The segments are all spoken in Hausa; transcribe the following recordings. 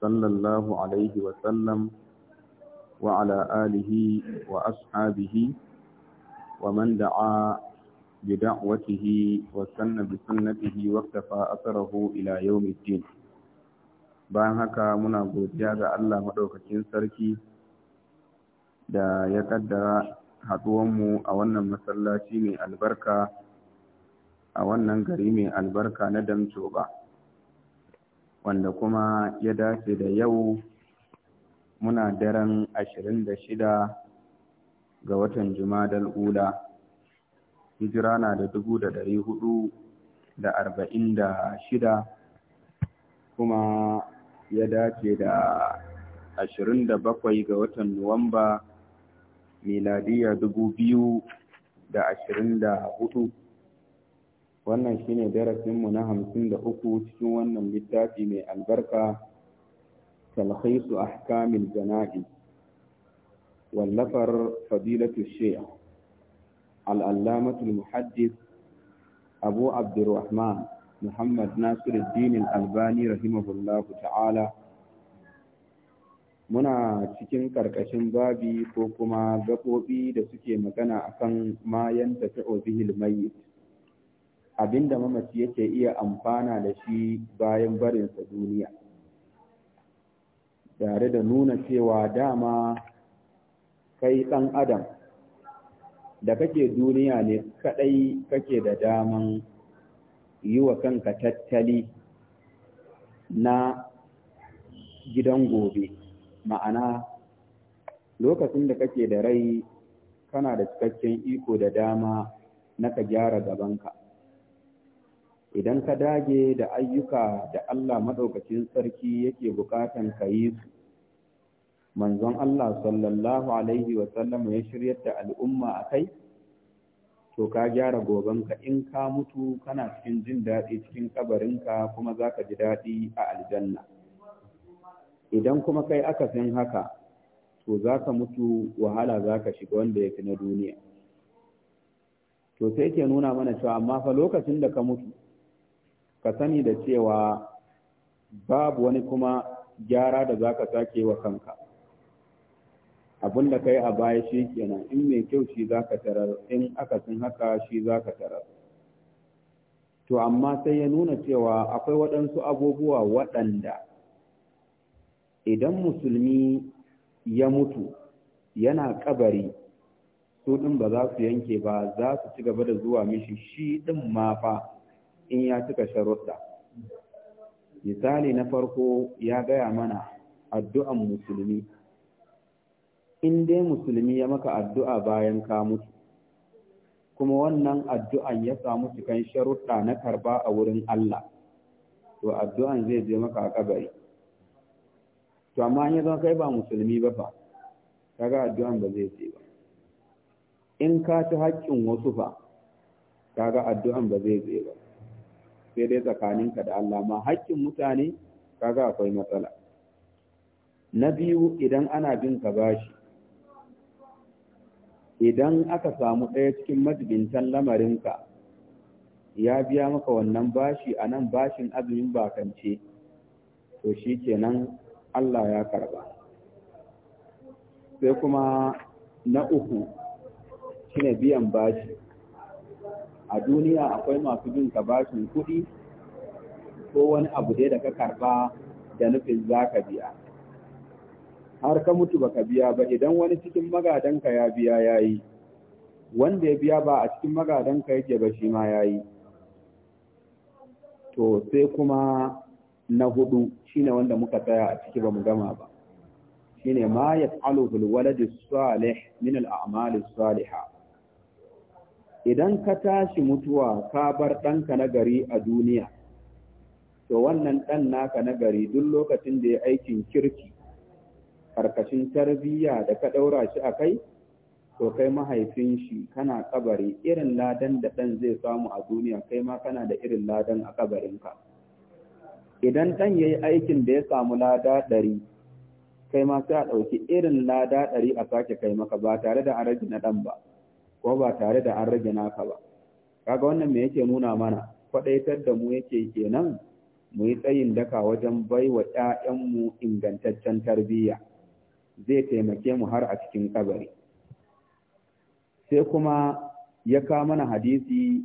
صلى الله عليه وسلم وعلى آله وأصحابه ومن دعا بدعوته وسن بسنته واقتفى أثره إلى يوم الدين bayan haka muna godiya ga Allah maɗaukakin sarki da ya ƙaddara haɗuwanmu a wannan masallaci mai albarka a wannan gari mai albarka na ba. wanda kuma ya dace da yau muna daren shida ga watan Jumadal Ula hijira na da da arba'in 446 kuma ya dace da 27 ga watan Nuwamba miladiya 2024 wannan shine darasinmu na hamsin da uku cikin wannan littafi mai albarka talhisu ahkamin jana'i wallafar fadilatu shi'a al'allamatul muhaddis abu abdurrahman muhammad nasiruddin albani rahimahullahu ta'ala muna cikin karkashin babi ko kuma gaɓoɓi da suke magana akan ma yanta fi'o bihil mayyit abinda mamaci yake iya amfana da shi bayan barinsa duniya tare da nuna cewa dama kai ɗan adam da kake duniya ne kaɗai kake da daman yi wa kanka tattali na gidan gobe ma'ana lokacin da kake da rai kana da cikakken iko da dama na ka gyara gabanka idan ka dage da ayyuka da Allah maɗaukacin sarki yake bukatan ka yi su manzon Allah sallallahu alaihi wasallam ya shiryar da al'umma a kai to ka gyara gobanka in ka mutu kana cikin jin daɗi cikin kabarinka kuma za ka ji daɗi a aljanna idan kuma kai akasin haka to za ka mutu wahala za ka shiga wanda ya fi na duniya to sai ke nuna mana cewa amma fa lokacin da ka mutu ka sani da cewa babu wani kuma gyara da za ka sake wa kanka abin da ka yi a baya shi kenan in mai kyau shi za ka tarar in akasin haka shi za ka tarar to amma sai ya nuna cewa akwai waɗansu abubuwa waɗanda idan musulmi ya mutu yana kabari su ɗin ba za su yanke ba za su ci gaba da zuwa mishi shi ɗin ma fa in ya cika sharuɗa misali na farko ya gaya mana addu'an musulmi in dai musulmi ya maka addu'a bayan ka mutu kuma wannan addu'an ya samu cikin sharuɗa na karba a wurin Allah to addu'an zai je maka a kabari to amma in ya zama kai ba musulmi ba fa kaga addu'an ba zai je ba in ka ci haƙƙin wasu fa kaga addu'an ba zai je ba sai dai tsakaninka da Allah ma haƙƙin mutane kaga akwai matsala na biyu idan ana bin ka bashi idan aka samu ɗaya cikin majibintan lamarinka ya biya maka wannan bashi a nan bashin azumin bakance to shi kenan Allah ya karba sai kuma na uku shine biyan bashi a duniya akwai masu bin ka kuɗi ko wani abu dai da ka karɓa da nufin za ka biya har ka mutu ba ka biya ba idan wani cikin magadanka ya biya ya yi wanda ya biya ba a cikin magadanka yake ba shi ma ya yi to sai kuma na hudu shine wanda muka tsaya a ciki ba mu gama ba shine ma yaf'alu bil waladi salih min al a'mal salihah idan ka tashi mutuwa ka bar ɗanka na gari a duniya to wannan ɗan naka na gari duk lokacin da ya aikin kirki karkashin tarbiyya da ka ɗaura shi a kai to kai mahaifin shi kana kabari irin ladan da ɗan zai samu a duniya kai ma kana da irin ladan a kabarinka idan ɗan ya yi aikin da ya samu lada ɗari kai ma sai a ɗauki irin lada ɗari a sake kai maka ba tare da an na ɗan ba ko ba tare da an rage naka ba kaga wannan me yake nuna mana kwadaitar da mu yake kenan mu yi tsayin daka wajen baiwa ƴaƴanmu ingantaccen tarbiyya zai taimake mu har a cikin kabari sai kuma ya ka mana hadisi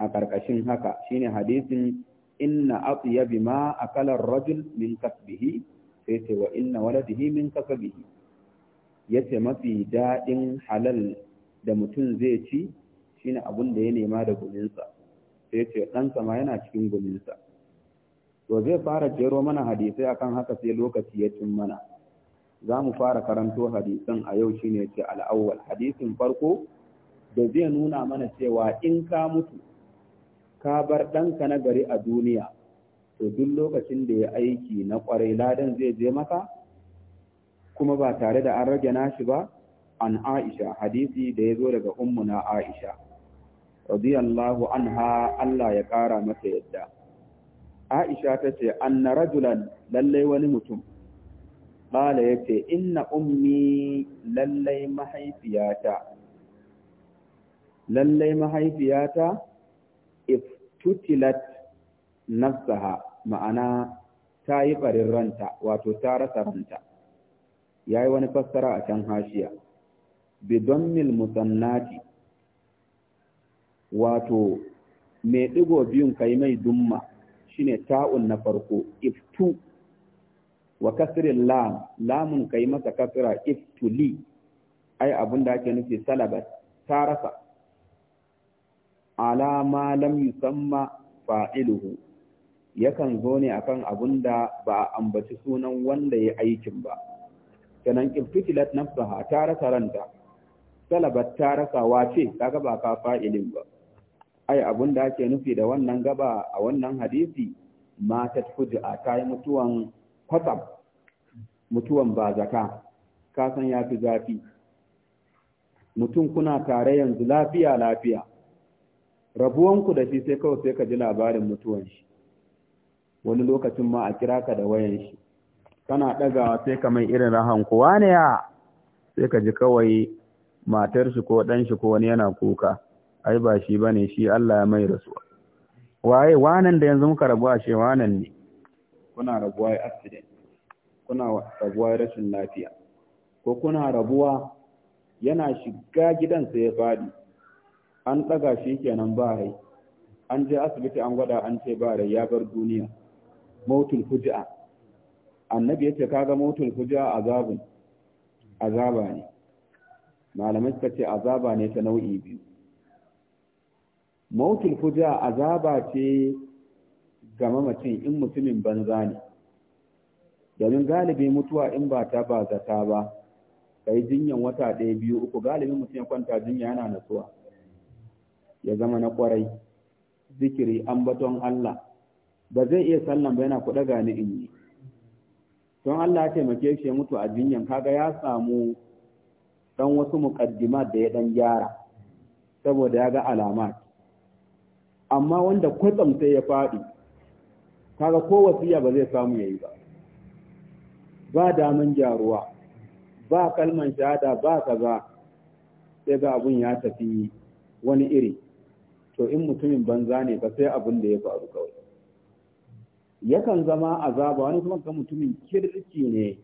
a ƙarƙashin haka shine hadisin inna atyabi ma akala rajul min kasbihi sai ce wa inna waladihi min kasbihi yace mafi daɗin halal da mutum zai ci shine abin da ya nema da guminsa sai ce ɗansa ma yana cikin guminsa to zai fara jero mana hadisai akan haka sai lokaci ya cin mana za mu fara karanto hadisan a yau shine ce al'awwal hadisin farko da zai nuna mana cewa in ka mutu ka bar ɗanka na gari a duniya to duk lokacin da ya aiki na ƙwarai ladan zai je maka kuma ba tare da an rage nashi ba an Aisha hadisi da ya zo daga ummuna Aisha radiyallahu anha Allah ya kara mata yadda Aisha ta ce anna rajulan lalle wani mutum bala yace inna ummi lalle mahaifiyata lalle mahaifiyata iftutilat nafsaha ma'ana ta yi barin ranta wato ta rasa ranta yayi wani fassara a can hashiya bidammil musannati wato mai ɗigo biyun kai mai dumma shine ta'un na farko iftu wa kasirin lam lamun kai masa kasra iftuli ai abin da ake nufi salabat ta rasa alama lam yusamma fa'iluhu yakan zo ne akan abin da ba a ambaci sunan wanda ya aikin ba sanan iftutilat nafsaha ta rasa ranta Talabar ta rasawa ce kaga ba ka fa'ilin ba ai abun da ake nufi da wannan gaba a wannan hadisi matat fujia ta yi mutuwan kwatsam mutuwan ba zaka ka san ya fi zafi mutum kuna tare yanzu lafiya lafiya rabuwanku da shi sai kawai sai ka ji labarin mutuwan shi wani lokacin ma a kira ka da wayan shi kana ɗagawa sai ka mai irin rahan kowa ne ya sai ka ji kawai matar shi ko ɗan shi ko wani yana kuka ai ba shi bane shi Allah ya mai rasuwa waye wanan da yanzu muka rabuwa shi wanan ne kuna rabuwa ya accident kuna rabuwa ya rashin lafiya ko kuna rabuwa yana shiga gidansa ya faɗi an daga shi kenan ba rai an je asibiti an gwada an ce ba rai ya bar duniya mautul fuji'a annabi yace kaga mautul fuji'a azabun azaba ne malamai suka ce azaba ne ta nau'i biyu mautul fuja azaba ce ga mamacin in mutumin banza ne domin galibi mutuwa in ba ta ba zata ba kai jinyan wata ɗaya biyu uku galibin mutum ya kwanta jinya yana natsuwa ya zama na kwarai zikiri ambaton Allah ba zai iya sallan ba yana kuɗa gani in yi don Allah ya taimake shi ya mutu a jinyan kaga ya samu dan wasu mukaddima da ya dan gyara saboda ya ga alamat amma wanda kwatsam sai ya faɗi kaga ko wasiya ba zai samu yayi ba ba daman gyaruwa, ba kalman shahada ba kaza sai ga abun ya tafi wani iri to in mutumin banza ne ba sai abun da ya faru kawai yakan zama azaba wani kuma ga mutumin kirki ne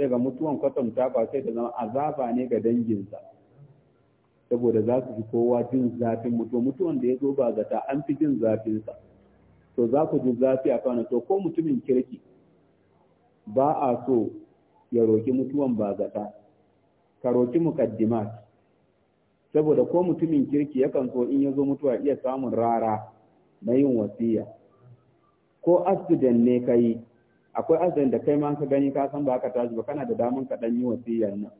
sai ga mutuwan kwatanta ba sai ta zama azaba ne ga danginsa saboda za su fi kowa jin zafin mutu mutuwan da ya zo ba zata an fi jin zafinsa to za ku ji zafi a kawai to ko mutumin kirki ba a so ya roki mutuwan ba zata ka roki mukaddimat saboda ko mutumin kirki yakan so in ya zo mutuwa iya samun rara na yin wasiya ko accident ne ka yi akwai azumin da kai ma ka gani ka san ba ka tashi ba kana da daman ka dan yi wasiyar nan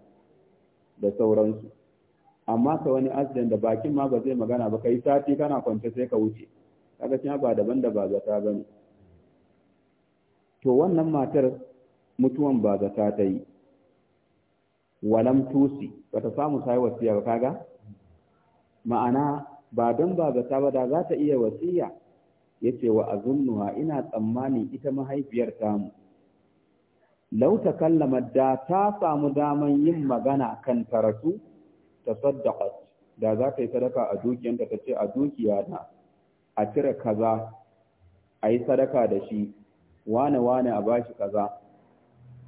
da sauransu amma ka wani azumin da bakin ma ba zai magana ba kai sati kana kwance sai ka wuce kaga kina ba daban da ba zata bane to wannan matar mutuwan ba zata ta yi walam tusi bata samu sai wasiya ba kaga ma'ana ba don ba zata ba da za ta iya wasiya yace wa azunnuha ina tsammanin ita mahaifiyar mu. law kallama da ta samu daman yin magana kan taratu tasaddaqat da za ta yi sadaka a dukiyanta ta ce a dukiya na a cire kaza a yi sadaka da shi wane wane a bashi kaza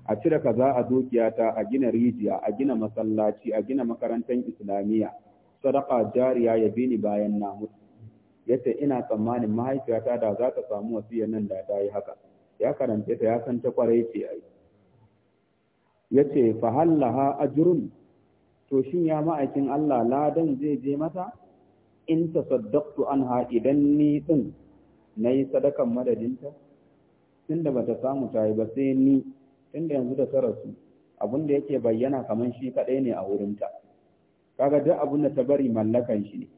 a cire kaza a dukiyata a gina rijiya a gina masallaci a gina makarantar islamiyya sadaka jariya ya bini bayan namu. yace ina tsammanin mahaifiyata da za ta samu wasiyar nan da ta yi haka ya karanta ta ya san ta kwarai ce ai yace fa hallaha ajrun to shin ya ma'aikin Allah ladan zai je mata in ta tasaddaqtu anha idan ni din nayi sadakan madadinta tunda bata samu ta yi ba sai ni tunda yanzu da rasu, abin da yake bayyana kaman shi kadai ne a wurinta kaga duk abin da ta bari mallakan shi ne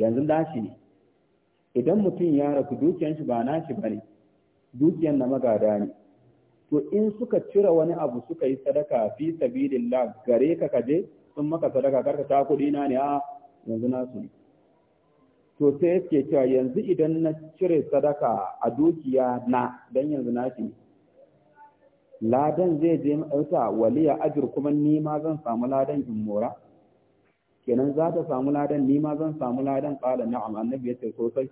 yanzu da ne idan mutum ya rasu dukiyan shi ba nashi bane dukiyan na magada ne to in suka cire wani abu suka yi sadaka fi sabilillah gare ka kaje sun maka sadaka karka ta kuɗi na ne a yanzu nasu ne to sai yake cewa yanzu idan na cire sadaka a dukiya na dan yanzu nashi ne ladan zai je mata waliya ajir kuma ni ma zan samu ladan in mora kenan za ta samu ladan ni ma zan samu ladan qala na'am annabi yace sosai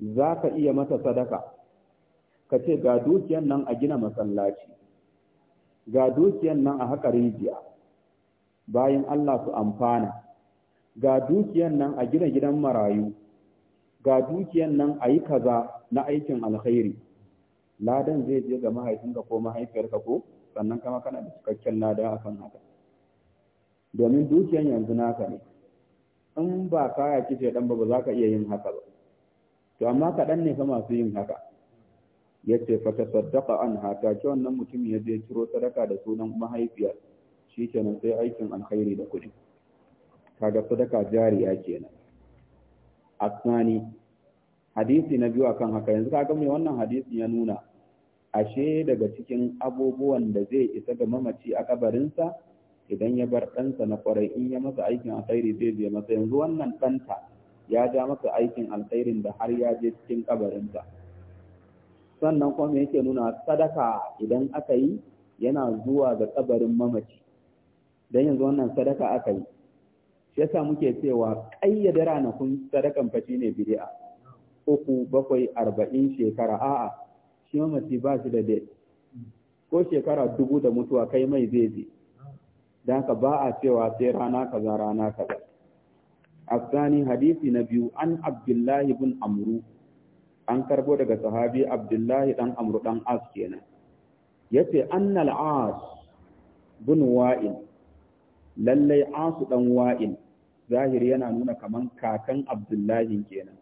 za ka iya mata sadaka ka ce ga dukiyan nan a gina masallaci ga dukiyan nan a haƙa rijiya bayan Allah su amfana ga dukiyan nan a gina gidan marayu ga dukiyan nan a yi kaza na aikin alkhairi ladan zai je ga mahaifinka ko mahaifiyarka ko sannan kama kana da cikakken lada akan haka domin dukiyan yanzu naka ne in ba kaya kice dan ba ba za ka iya yin haka ba to amma kaɗan ne fa masu yin haka ya ce fata saddaka an haka ki wannan mutum ya je ciro sadaka da sunan mahaifiyar shi kenan sai aikin alkhairi da kuɗi kaga sadaka jariya kenan asnani hadisi na biyu akan haka yanzu kaga me wannan hadisi ya nuna ashe daga cikin abubuwan da zai isa ga mamaci a kabarinsa idan ya bar ɗansa na kwarai in ya masa aikin alkhairi zai je masa yanzu wannan ɗanta ya ja maka aikin alkhairin da har ya je cikin kabarinsa sannan kuma yake nuna sadaka idan aka yi yana zuwa ga kabarin mamaci don yanzu wannan sadaka aka yi shi yasa muke cewa ƙayyadar ranakun sadakan fashi ne bid'a uku bakwai arba'in shekara a'a shi mamaci ba shi da dai ko shekara dubu da mutuwa kai mai zai je da haka ba a cewa sai rana kaza rana kaza الثاني حديث نبي عن عبد الله بن عمرو an karbo daga sahabi abdullahi dan amru dan as kenan yace annal as bin wa'il lallai as dan wa'il zahiri yana nuna kaman kakan abdullahi kenan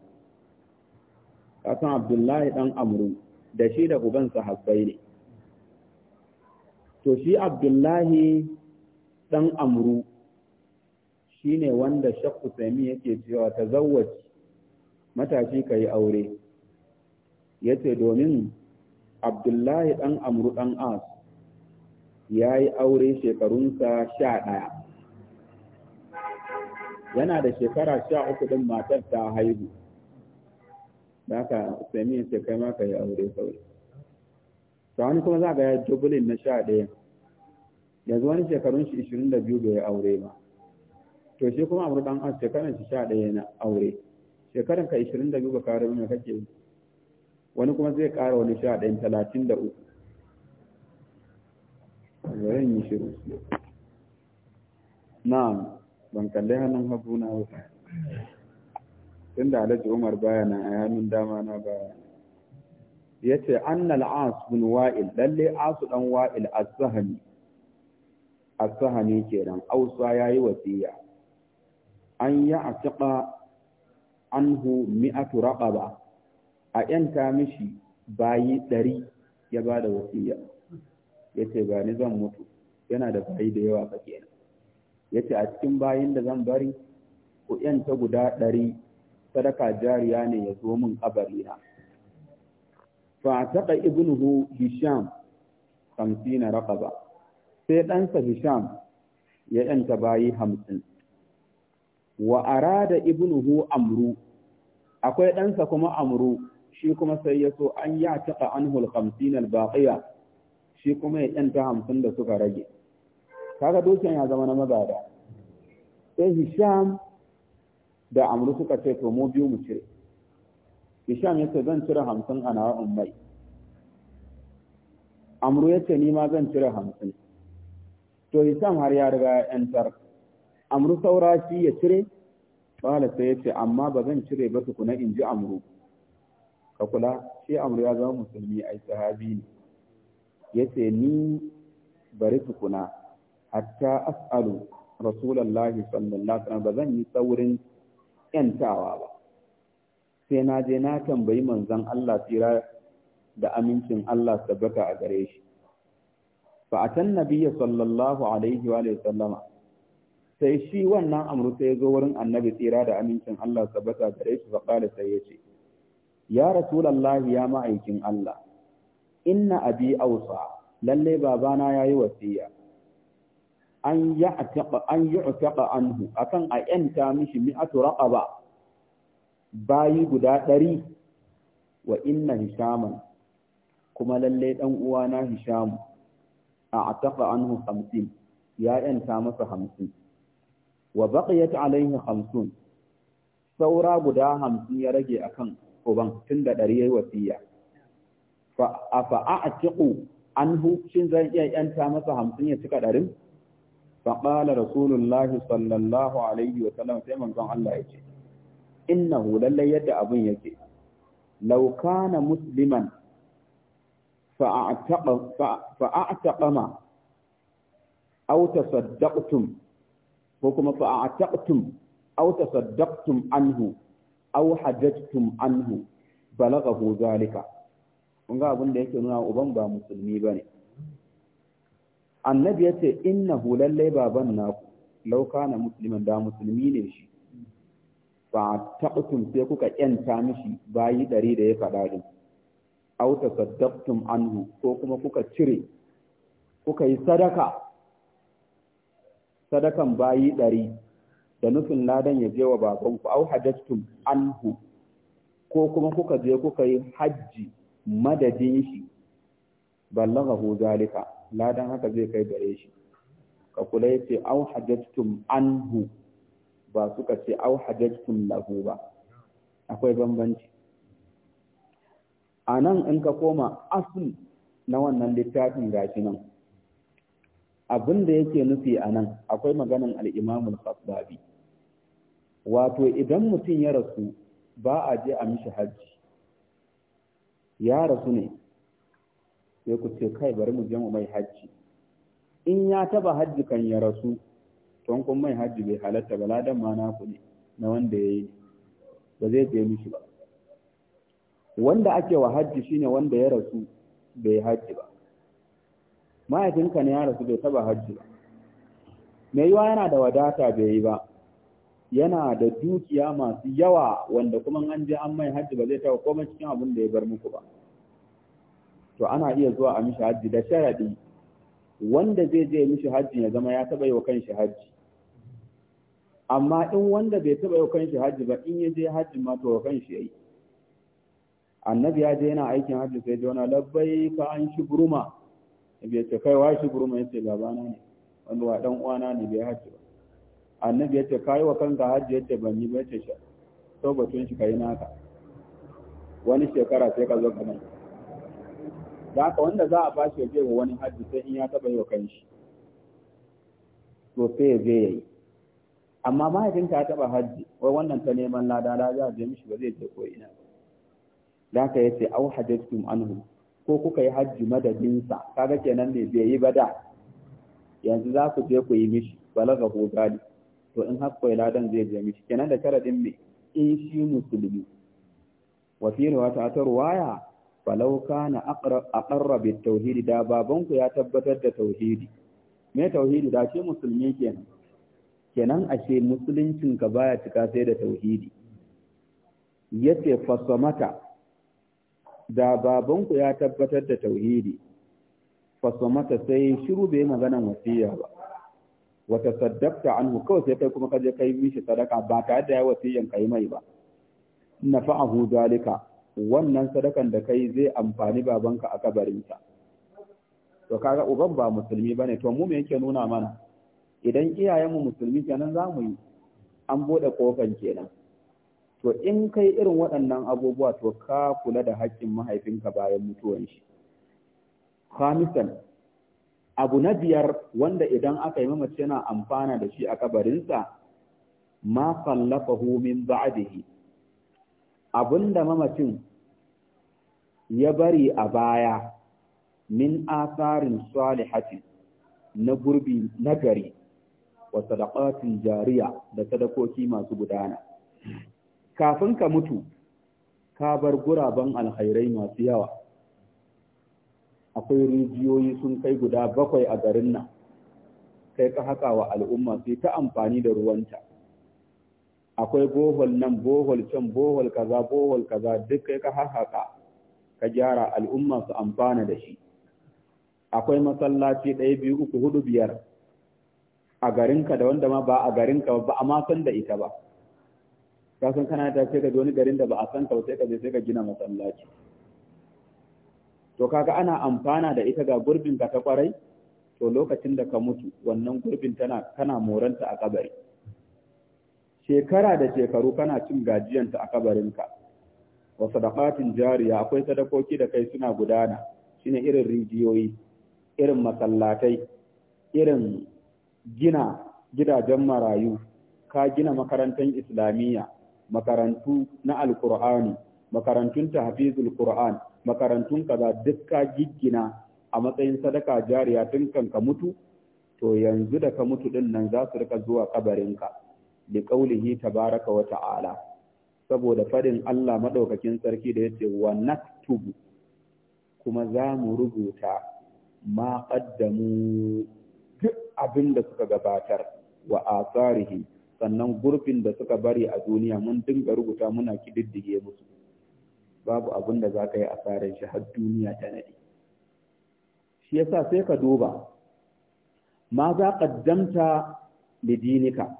kakan abdullahi dan amru da shi da uban sahabbai ne to shi abdullahi dan amru shine wanda shakku sami yake cewa ta zawwaci matashi ka yi aure ya ce domin abdullahi ɗan amru ɗan as ya yi aure shekarunsa sha ɗaya yana da shekara sha uku ɗin matar ta haihu da ka sami ce kai ma ka yi aure sauri ta wani kuma za ga ya dubulin na sha ɗaya yanzu wani shekarun shi 22 da biyu bai aure ba to shi kuma amur dan an shekaran shi sha ɗaya na aure shekaran ka ishirin da biyu ba kare mai kake wani kuma zai ƙara wani sha ɗayan talatin da uku zaren yi shiru na ban kalli hannun hagu na wuta tun da umar baya na a hannun dama na baya ya ce annal as bin wa'il lalle asu dan wa'il as-sahami as-sahami kenan ausa yayi wasiya an yi ya an anhu mi'atu raqaba a yanta mishi bayi ɗari ya ba da wasiya ya ce ba ni zan mutu yana da bayi da yawa fa kenan ya ce a cikin bayin da zan bari ku yanta guda ɗari sadaka jariya ne ya zo min kabarina fa taqa ibnuhu hisham 50 raqaba sai ɗansa hisham ya yanta bayi hamsin wa arada ibnuhu amru akwai ɗansa kuma amru shi kuma sai ya so an ya taqa anhu al-khamsin al-baqiya shi kuma ya yanta hamsin da suka rage kaga dokin ya zama na magada sai hisham da amru suka ce to mu biyu mu cire hisham ya ce zan cire hamsin a nawa ummai amru ya ce ni ma zan cire hamsin to hisham har ya riga ya yantar amru saura shi ya cire Bala sai yace amma ba zan cire ba tukuna in ji amru ka kula shi amru ya zama musulmi ai sahabi ne yace ni bari tukuna hatta as'alu rasulullahi sallallahu alaihi wasallam ba zan yi saurin yantawa ba sai na je na tambayi manzon Allah tsira da amincin Allah sabbata a gare shi fa atan nabiyyi sallallahu alaihi wa sallama sai shi wannan amru sai ya zo wurin annabi tsira da amincin Allah tabbata gare shi fa qala sai yace ya rasulullah ya ma'aikin Allah inna abi awsa lalle babana yayi wasiya an ya'taqa an yu'taqa anhu akan a yanta mishi mi'atu raqaba bayi guda ɗari wa inna hishaman kuma lalle dan uwana hishamu a ataqa anhu 50 ya yanta masa 50 wa baqiyat Alayhi 50 saura guda 50 ya rage akan uban tunda dari yayi wasiya fa afa a'tiqu anhu shin zan iya yanta masa 50 ya cika darin fa qala rasulullahi sallallahu alayhi wa sallam sai manzon Allah yace innahu lalle yadda abun yake law kana musliman fa a'taqa fa a'taqama aw tasaddaqtum ko kuma fa ataqtum aw tasaddaqtum anhu aw hajjajtum anhu balaghahu zalika kun ga abin da yake nuna uban ba musulmi bane annabi yace innahu lalle baban naku law kana musliman da musulmi ne shi fa taqtum sai kuka kyanta mishi bayi dari da ya faɗa din aw tasaddaqtum anhu ko kuma kuka cire kuka yi sadaka sadakan bayi ɗari da nufin ladan ya je wa babanku au hajjattum anhu ko kuma kuka je kuka yi hajji madadin shi ballaghahu zalika ladan haka zai kai gare shi ka kula yace au hajjattum anhu ba suka ce au hajjattum lahu ba akwai bambanci a nan in ka koma asin na wannan littafin gashi nan abin da yake nufi a nan akwai maganan al'imamul fasbabi wato idan mutum ya rasu ba a je a mishi hajji ya rasu ne sai ku ce kai bari mu je mu mai hajji in ya taba hajji kan ya rasu to kun mai hajji bai halatta ba ladan ma na kuɗi na wanda ya yi ba zai je mishi ba wanda ake wa hajji shine wanda ya rasu bai hajji ba mahaifinka ne ya rasu bai taba hajji ba mai yiwa yana da wadata bai yi ba yana da dukiya masu yawa wanda kuma an je an mai hajji ba zai taba komai cikin abin da ya bar muku ba to ana iya zuwa a mishi hajji da sharadi wanda zai je mishi hajji ya zama ya taba yi wa kanshi hajji amma in wanda bai taba yi wa kanshi hajji ba in ya je hajji ma to wa kanshi yayi annabi ya je yana aikin hajji sai ya ji wani labbai ka an shi buruma annabi ya ce kai wa shi gurma ya ce babana ne wanda wa dan uwana ne bai hajji ba annabi ya ce kai wa kanka hajji yadda ban yi ba ce shi to batun shi kai naka wani shekara sai ka zo ka nan da ka wanda za a bashi ya je wa wani hajji sai in ya taba yi wa kanshi to sai ya je amma amma idan ya taba hajji wai wannan ta neman lada lada je mishi ba zai je ko ina ba da ka ya ce au hajjatkum anhu ko kuka yi hajji madadinsa kaga kenan ne bai yi ba da yanzu za ku je ku yi mishi balaga ko gali to in haka koyi ladan zai je mishi kenan da sharadin me in shi musulmi wa fi riwata ta ruwaya falau kana aqarra bi tauhidi da babanku ya tabbatar da tauhidi me tauhidi da shi musulmi kenan kenan ashe musuluncin ka baya cika sai da tauhidi yace fasamata da babanku ya tabbatar da tauhidi fasamata sai shiru bai maganan wasiya ba wata saddabta anhu kawai sai kai kuma ka je kai mishi sadaka ba tare da ya wasiyan kai mai ba fa'ahu zalika wannan sadakan da kai zai amfani babanka a kabarinsa to kaga uban ba musulmi bane to mu me yake nuna mana idan iyayenmu musulmi kenan za mu yi an bude kofan kenan to in kai irin waɗannan abubuwa to ka kula da haƙƙin mahaifinka bayan mutuwan shi khamisan abu na biyar wanda idan aka yi mamaci yana amfana da shi a kabarinsa ma fallafahu min ba'dihi abinda mamacin ya bari a baya min asarin salihati na gurbi nagari wa sadaqatin jariya da sadakoki masu gudana kafin ka mutu ka bar guraben alkhairai masu yawa akwai rijiyoyi sun kai guda bakwai a garin nan kai ka haka wa al'umma sai ta amfani da ruwanta akwai bohol nan bohol can bohol kaza bohol kaza duk kai ka haka ka gyara al'umma su amfana da shi akwai masallaci ɗaya biyu uku hudu biyar a garinka da wanda ma ba a garinka ba a da ita ba ka san kana ta ce ka wani garin da ba a san ka sai ka je sai ka gina masallaci to kaga ana amfana da ita ga gurbin ka ta kwarai to lokacin da ka mutu wannan gurbin tana kana moranta a kabari shekara da shekaru kana cin gajiyanta a kabarin ka wa sadaqatin jariya akwai sadakoki da kai suna gudana shine irin rijiyoyi irin masallatai irin gina gidajen marayu ka gina makarantar islamiyya makarantu na alkur'ani makarantun tahfizul qur'an makarantun kaza dukka giggina a matsayin sadaka jariya tun kan ka mutu to yanzu da ka mutu din nan za su rika zuwa kabarinka liƙaulihi, qaulihi tabaraka wa ta'ala saboda fadin Allah madaukakin sarki da yace wa naktubu kuma za mu rubuta ma qaddamu duk abin da suka gabatar wa asarihi sannan gurbin da suka bari a duniya mun dinga rubuta muna kididdige musu babu abin da za ka yi asarar shi har duniya ta nade shi yasa sai ka duba ma za qaddamta lidinika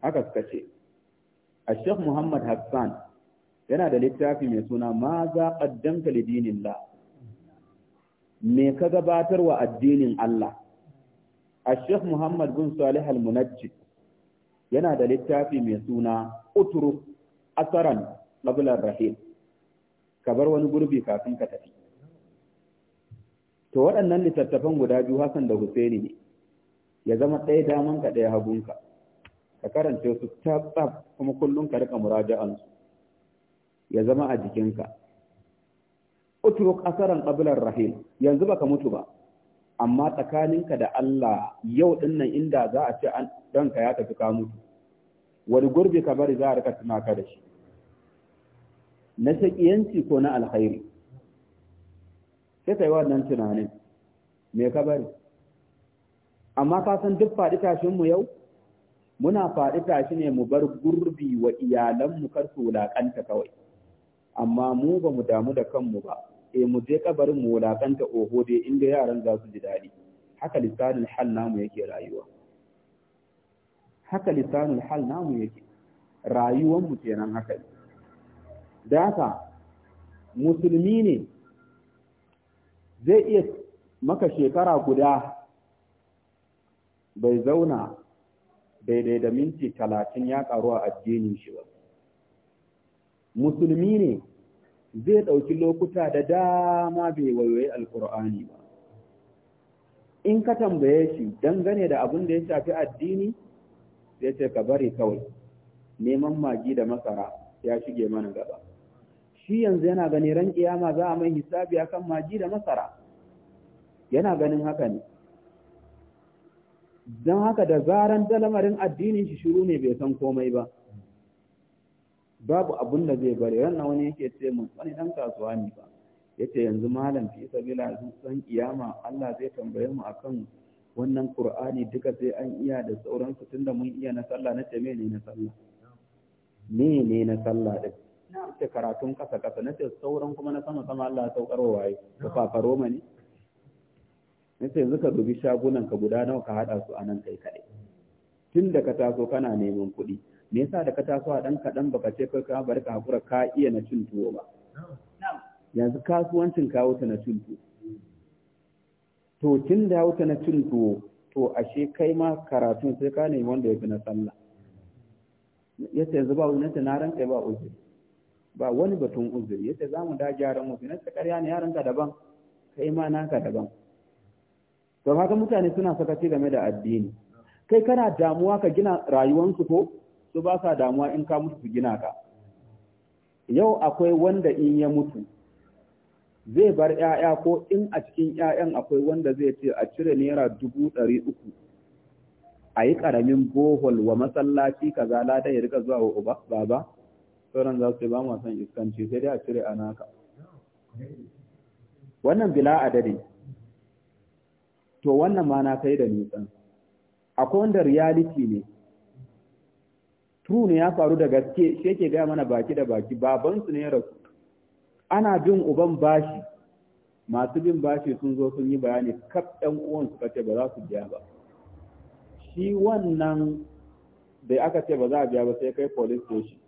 haka suka ce a Sheikh Muhammad Hassan yana da littafi mai suna ma za qaddamta lidinillah me ka gabatar wa addinin Allah a Sheikh Muhammad bin Salih al-Munajjid yana da littafi mai suna uturu asaran qablar rahil ka bar wani gurbi kafin ka tafi to waɗannan littattafan guda biyu Hassan da Husaini ne ya zama ɗaya daman ka ɗaya hagunka ka karanta su ta kuma kullum ka rika muraja'an su ya zama a jikinka Uturu, asaran qablar rahil yanzu baka mutu ba amma tsakaninka da Allah yau dinnan inda za a ce an ɗanka ya tafi ka mutu wani gurbi ka bari za a rika tuna da shi na shaƙiyanci ko na alkhairi sai kai wannan tunanin me ka bari amma ka san duk faɗi tashin mu yau muna faɗi tashi ne mu bar gurbi wa iyalanmu kar su wulaƙanta kawai amma mu ba mu damu da kanmu ba eh mu je kabarin mu wulakanta oho dai inda yaran za su ji dadi haka lisanul hal namu yake rayuwa haka lisanul hal namu yake rayuwar mu kenan haka da haka musulmi ne zai iya maka shekara guda bai zauna daidai da minti talatin ya karu a addinin shi ba musulmi ne zai ɗauki lokuta da dama bai wayoyi alkur'ani ba in ka tambaye shi dangane da abin da ya shafi addini sai ce ka bari kawai neman magi da masara ya shige mana gaba shi yanzu yana gani ran kiyama za a mai hisabi akan magi da masara yana ganin haka ne don haka da zaran ta lamarin addinin shi shiru ne bai san komai ba babu abun da zai bari ran wani yake ce mun wani dan kasuwa ne ba yace yanzu malam fi sabila sun san kiyama Allah zai tambaye mu akan wannan Qur'ani duka sai an iya da sauran su tunda mun iya na sallah na ce ne na sallah ne ne na sallah din na ce karatun kasa kasa na ce sauran kuma na sama sama Allah ya saukar waye ka fafaro mani na ce yanzu ka dubi shagunan ka guda nawa ka hada su anan kai kai tun da ka taso kana neman kuɗi me yasa da ka taso a ɗan kaɗan baka ce kai ka bari ka hakura ka iya na cin tuwo ba yanzu kasuwancin ka wuta na cin tuwo to tun da wuta na cin tuwo to ashe kai ma karatun sai ka nemi wanda ya fi na sallah yace yanzu ba wani na ranka ba uzuri ba wani batun uzuri yace za mu da gyaran mu na karya ne ka daban kai ma naka daban to haka mutane suna sakaci game da addini kai kana damuwa ka gina rayuwarku ko su ba sa damuwa in ka mutu su gina ka yau akwai wanda in ya mutu zai bar 'ya'ya ko in a cikin 'ya'yan akwai wanda zai ce a cire naira dubu ɗari uku a yi ƙaramin bohol wa masallaci kaza lada ya rika zuwa wa uba baba sauran za su ba mu san iskanci sai dai a cire a naka wannan bila adadi to wannan ma na kai da nisan akwai wanda reality ne true ya faru da gaske shi yake gaya mana baki da baki babansu ne ya rasu ana bin uban bashi masu bin bashi sun zo sun yi bayani kaf ɗan uwan suka ce ba za su biya ba shi wannan da aka ce ba za a biya ba sai kai police station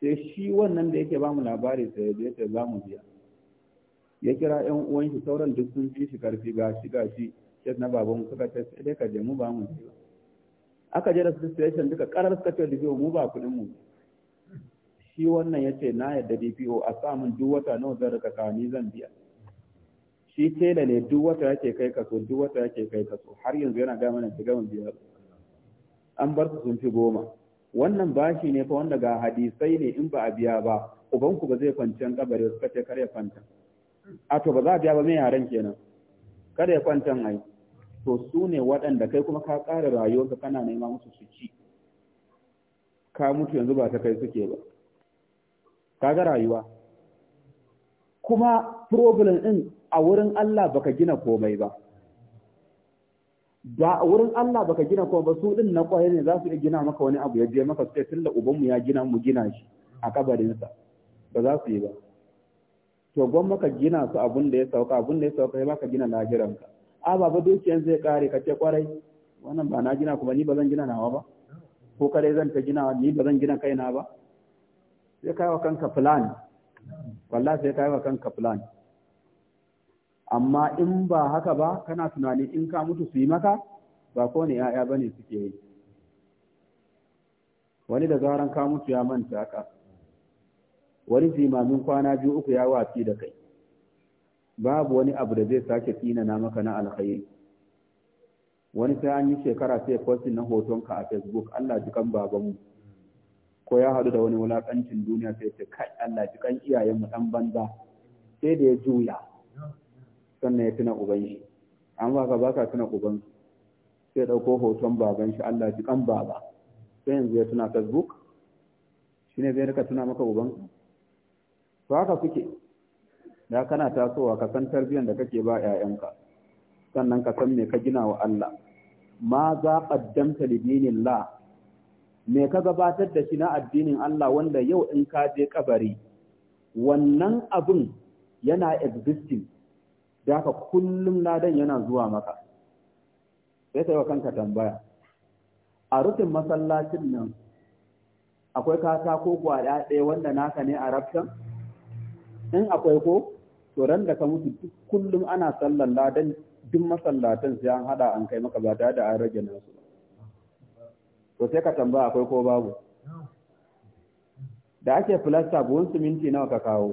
sai shi wannan da yake ba mu labari sai ya ce za mu biya ya kira ƴan uwan shi sauran duk sun fi shi karfi ga shi ga shi na baban suka ce sai dai ka je mu ba mu biya aka je registration duka karar suka ce DPO mu ba kuɗin mu shi wannan ya ce na yadda DPO a samun duk wata nawa zan rika kawo ni zan biya shi tela ne duk wata yake kai kaso duk wata yake kai kaso har yanzu yana ga mana shiga mun biya an bar su sun fi goma wannan bashi ne fa wanda ga hadisai ne in ba a biya ba ubanku ba zai kwanciyan kabari suka ce kar ya kwanta a to ba za a biya ba mai yaren kenan kada ya kwanta ai to su ne waɗanda kai kuma ka ƙara rayuwarka kana nema musu su ci ka mutu yanzu ba ta kai suke ba ka ga rayuwa kuma problem ɗin a wurin Allah baka gina komai ba ba a wurin Allah baka gina komai ba su ɗin na ƙwaye ne za su iya gina maka wani abu ya je maka su tun da ubanmu ya gina mu gina shi a kabarinsa ba za su yi ba to gwamma ka gina su abun da ya sauka abun da ya sauka ya baka gina lahiranka a baba dukiyan zai kare ka kwarai wannan ba na gina kuma ni ba zan gina nawa ba ko kare zan ta gina ni ba zan gina kaina ba sai kai wa kanka plan wallahi sai kai wa kanka plan amma in ba haka ba kana tunani in ka mutu su yi maka ba ko ne ya'ya bane suke yi wani da zaran ka mutu ya manta ka wani zimamin kwana biyu uku ya wafi da kai babu wani abu da zai sake tsinana maka na alkhairi wani sai an yi shekara sai postin na hotonka a facebook Allah jikan babanmu ko ya haɗu da wani wulaƙancin duniya sai ce kai Allah jikan iyayenmu dan banza sai da ya juya sannan ya tuna uban shi an ba ka tuna uban sai ɗauko hoton baban shi Allah jikan baba sai yanzu ya tuna facebook shine zai rika tuna maka uban to haka suke da kana tasowa ka san tarbiyyar da kake ba ƴaƴanka sannan ka san me ka gina wa Allah ma za qaddamta li dinillah me ka gabatar da shi na addinin Allah wanda yau in ka je kabari wannan abun yana existing da ka kullum ladan yana zuwa maka sai kai wa kanka tambaya a rufin masallacin nan akwai katako gwada ɗaya wanda naka ne a rafshan in akwai ko to ran da ka mutu duk kullum ana sallan ladan duk masallatan sai an hada an kai maka ba tare da an rage nasu to sai ka tambaya akwai ko babu da ake filasta buhun siminti nawa ka kawo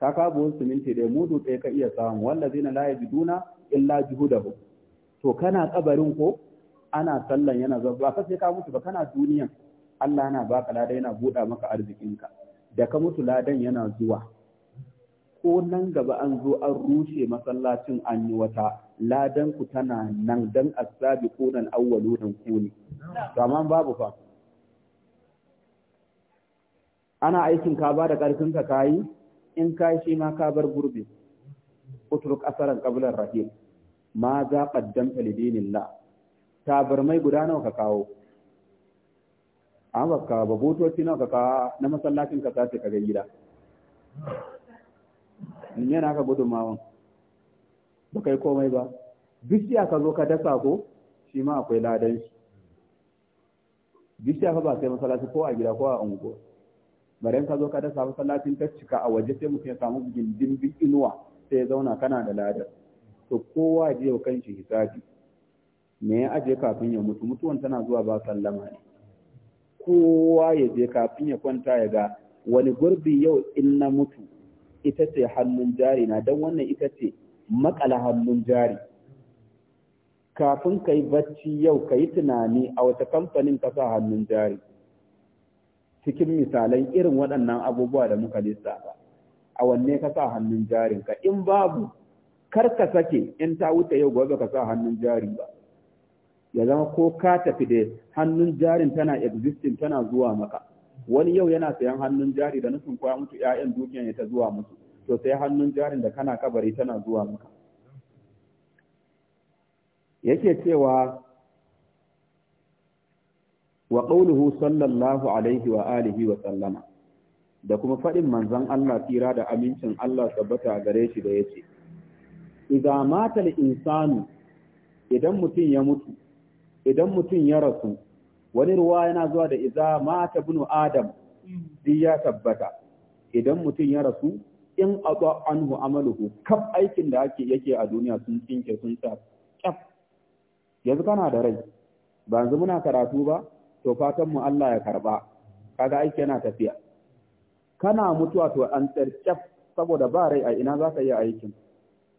ka kawo buhun siminti da mudu ɗaya ka iya samu na la biduna illa juhudahu to kana kabarin ko ana sallan yana zabba ka sai ka mutu ba kana duniyan Allah yana baka ladan yana buɗa maka arzikinka da ka mutu ladan yana zuwa ko nan gaba an zo an rushe masallacin an yi wata ladan ku tana nan dan asabi kunan awwalu dan ku ne amma babu fa ana aikin ka ba da karfin ka kai in kai shi ma ka bar gurbi utruk asaran qablan rahim ma za qaddamta lidinillah tabarmai guda nawa ka kawo an ka ba botoci nawa ka na masallacin ka sace ka ga gida ne naka gudunmawan ba kai komai ba bishiya ka zo ka dasa ko shi ma akwai ladan shi bishiya fa ba sai masallaci ko a gida ko a unguwa bare ka zo ka dasa masallacin ta cika a waje sai mutum ya samu gindin inuwa sai ya zauna kana da ladan to kowa je kan shi hisabi me ya aje kafin ya mutu mutuwan tana zuwa ba sallama ne kowa ya je kafin ya kwanta ya ga wani gurbi yau in na mutu ita ce hannun jari na don wannan ita ce makala hannun jari kafin ka yi bacci yau ka yi tunani a wata kamfanin ka sa hannun jari cikin misalan irin waɗannan abubuwa da muka lissafa a wanne ka sa hannun jarin ka in babu kar ka sake in ta wuce yau gobe ka sa hannun jari ba ya zama ko ka tafi da hannun jarin tana existing tana zuwa maka wani yau yana sayan hannun jari da nufin koya mutu 'ya'yan dukiyan ya ta zuwa musu to sai hannun jarin da kana kabari tana zuwa maka yake cewa wa sallallahu alaihi wa alihi wa sallama da kuma faɗin manzon Allah tira da amincin Allah tabbata a gare shi da yace idza mata al-insanu idan mutum ya mutu idan mutum ya rasu wani ruwa yana zuwa da iza mata binu adam mm. duk ya tabbata idan mutum ya rasu in aba anhu amaluhu kaf aikin da ake yake a duniya sun cinke sun ta kyaf yanzu kana da rai ba yanzu muna karatu ba to fatan mu Allah ya karba kaga aiki yana tafiya kana mutuwa to an tsar kyaf saboda ba rai a ina za ka yi aikin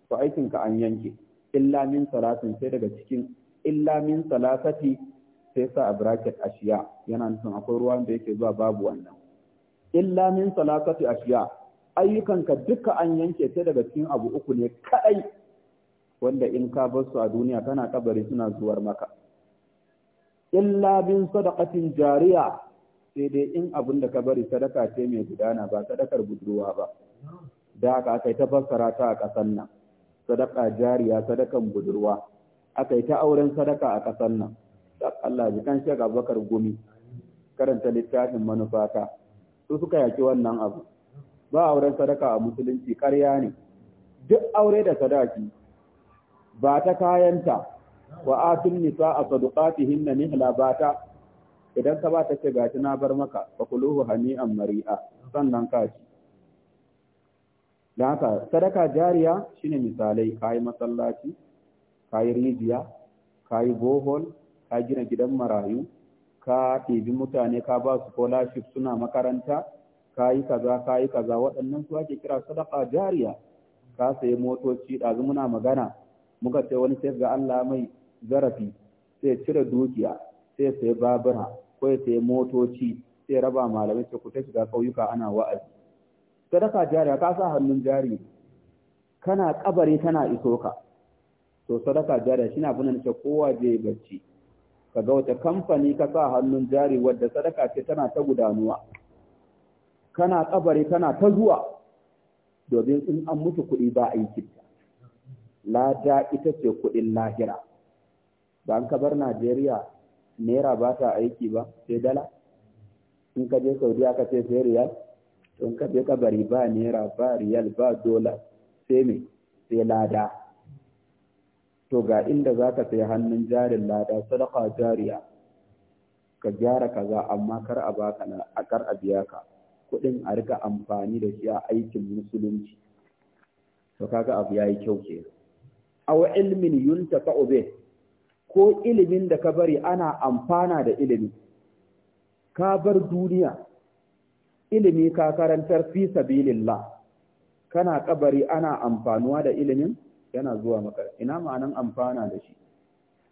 to aikin ka an yanke illa min salatin sai daga cikin illa min salatati sai sa a bracket ashiya yana nufin akwai ruwan da yake zuwa babu wannan illa min salatati ashiya ayyukanka duka an yanke ta daga cikin abu uku ne kadai wanda in ka bar su a duniya kana kabari suna zuwar maka illa bin sadaqatin jariya sai dai in abin da ka bari sadaka ce mai gudana ba sadakar budurwa ba da haka aka ta fassara ta a ƙasar nan sadaka jariya sadakan budurwa aka ta auren sadaka a ƙasar nan Allah ji kan Sheikh Abubakar Gumi karanta littafin manufata su suka yaki wannan abu ba auren sadaka a musulunci ƙarya ne duk aure da sadaki ba ta kayanta wa atun nisa a saduqatihin na nihla ba ta idan ka ba ta ce gashi na bar maka fa kuluhu hani'an mari'a sannan ka ci dan haka sadaka jariya shine misalai kai masallaci kai rijiya kai bohol ka gina gidan marayu ka ɗebi mutane ka ba su scholarship suna makaranta ka yi kaza ka yi kaza waɗannan su ake kira sadaka jariya ka sayi motoci ɗazu muna magana muka sai wani sai ga Allah mai zarafi sai cire dukiya sai sai babura ko sai motoci sai raba malamai sai ku ta shiga ƙauyuka ana wa'azi sadaka jariya ka sa hannun jari kana ƙabari kana iso ka to sadaka jariya shi na abin da kowa zai bacci Ka ga wata kamfani ka sa hannun jari wadda sadaka ce tana ta gudanuwa kana kabari kana ta zuwa domin in an mutu kuɗi ba aikin ta lada ita ce kuɗin lahira ba an bar Najeriya naira ba ta aiki ba sai dala in ka je Saudi aka ce sai riyal to in ka je kabari ba naira ba riyal ba dola sai me sai lada to ga inda za ka sai hannun jarin lada sadaka jariya ka gyara kaza amma kar a baka na a kar a biya ka kuɗin a rika amfani da shi a aikin musulunci to kaga abu yayi kyau ke aw ilmin yuntafa ube ko ilimin da ka bari ana amfana da ilimi ka bar duniya ilimi ka karantar fi sabilillah kana kabari ana amfanuwa da ilimin yana zuwa maka ina ma'anan amfana da shi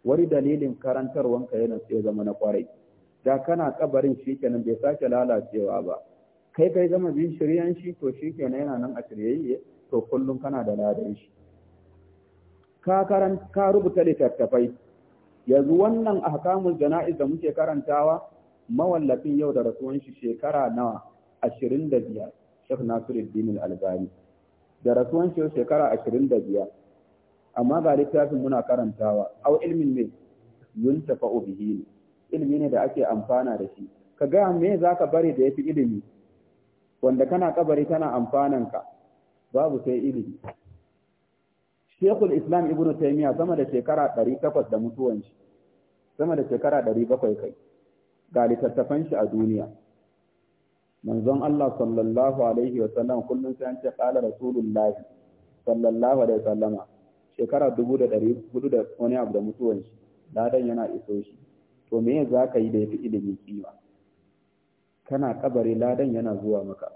wani dalilin karantarwanka yana sai zama na kwarai da kana kabarin shi kenan bai sake lalacewa ba kai kai zama bin shiryan shi to shi kenan yana nan a shiryayye to kullum kana da ladan shi ka karan rubuta littattafai yanzu wannan ahkamul jana'iz da muke karantawa mawallafin yau da rasuwan shi shekara nawa 25 Sheikh Nasiruddin Al-Albani da rasuwan shi shekara 25 amma ga littafin muna karantawa au ilmin ne yuntafa bihi ilmi ne da ake amfana da shi ka ga me zaka bari da yafi ilimi wanda kana kabari kana amfanan ka babu sai ilimi Sheikhul Islam Ibn Taymiyyah sama da shekara 800 da mutuwan shi sama da shekara 700 kai ga littattafan shi a duniya manzon Allah sallallahu alaihi wa sallam kullun sai an ce qala rasulullahi sallallahu alaihi wa sallama shekara dubu da ɗari hudu da wani abu da mutuwan shi ladan yana iso shi to me za ka yi da ya fi ilimi kima kana kabari ladan yana zuwa maka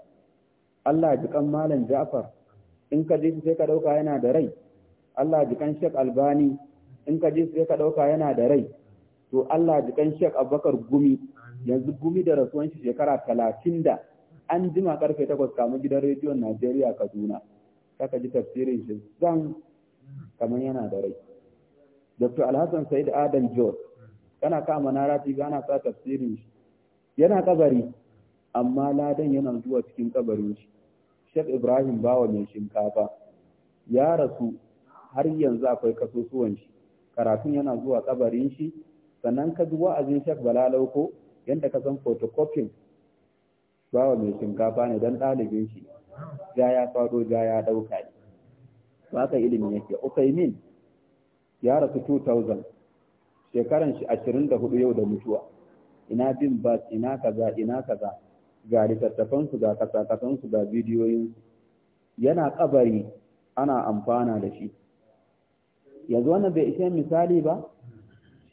Allah jikan malam Ja'far in ka ji sai ka dauka yana da rai Allah jikan Sheikh Albani in ka ji sai ka dauka yana da rai to Allah jikan Sheikh Abubakar Gumi yanzu Gumi da rasuwan shi shekara talatin da an jima karfe takwas kamar gidan rediyon Najeriya Kaduna kaka ji tafsirin shi zan kamar yana da rai dr alhassan said adam jos kana kama na rafi ana sa tafsirin shi yana kabari amma ladan yana zuwa cikin kabarin shi shek ibrahim bawa mai shinkafa ya rasu har yanzu akwai kasusuwan shi karatun yana zuwa kabarin shi sannan ka ji wa'azin shek balalau ko yadda ka san photocopy bawa mai shinkafa ne don ɗalibin shi ja ya faɗo ja ya ɗauka ne ba ilimi yake ukaimin ya rasu 2000 shekaran shi 24 yau da mutuwa ina bin bas ina kaza ina kaza ga littattafan su ga kasakasan su ga bidiyoyin yana kabari ana amfana da shi yanzu wannan bai ishe misali ba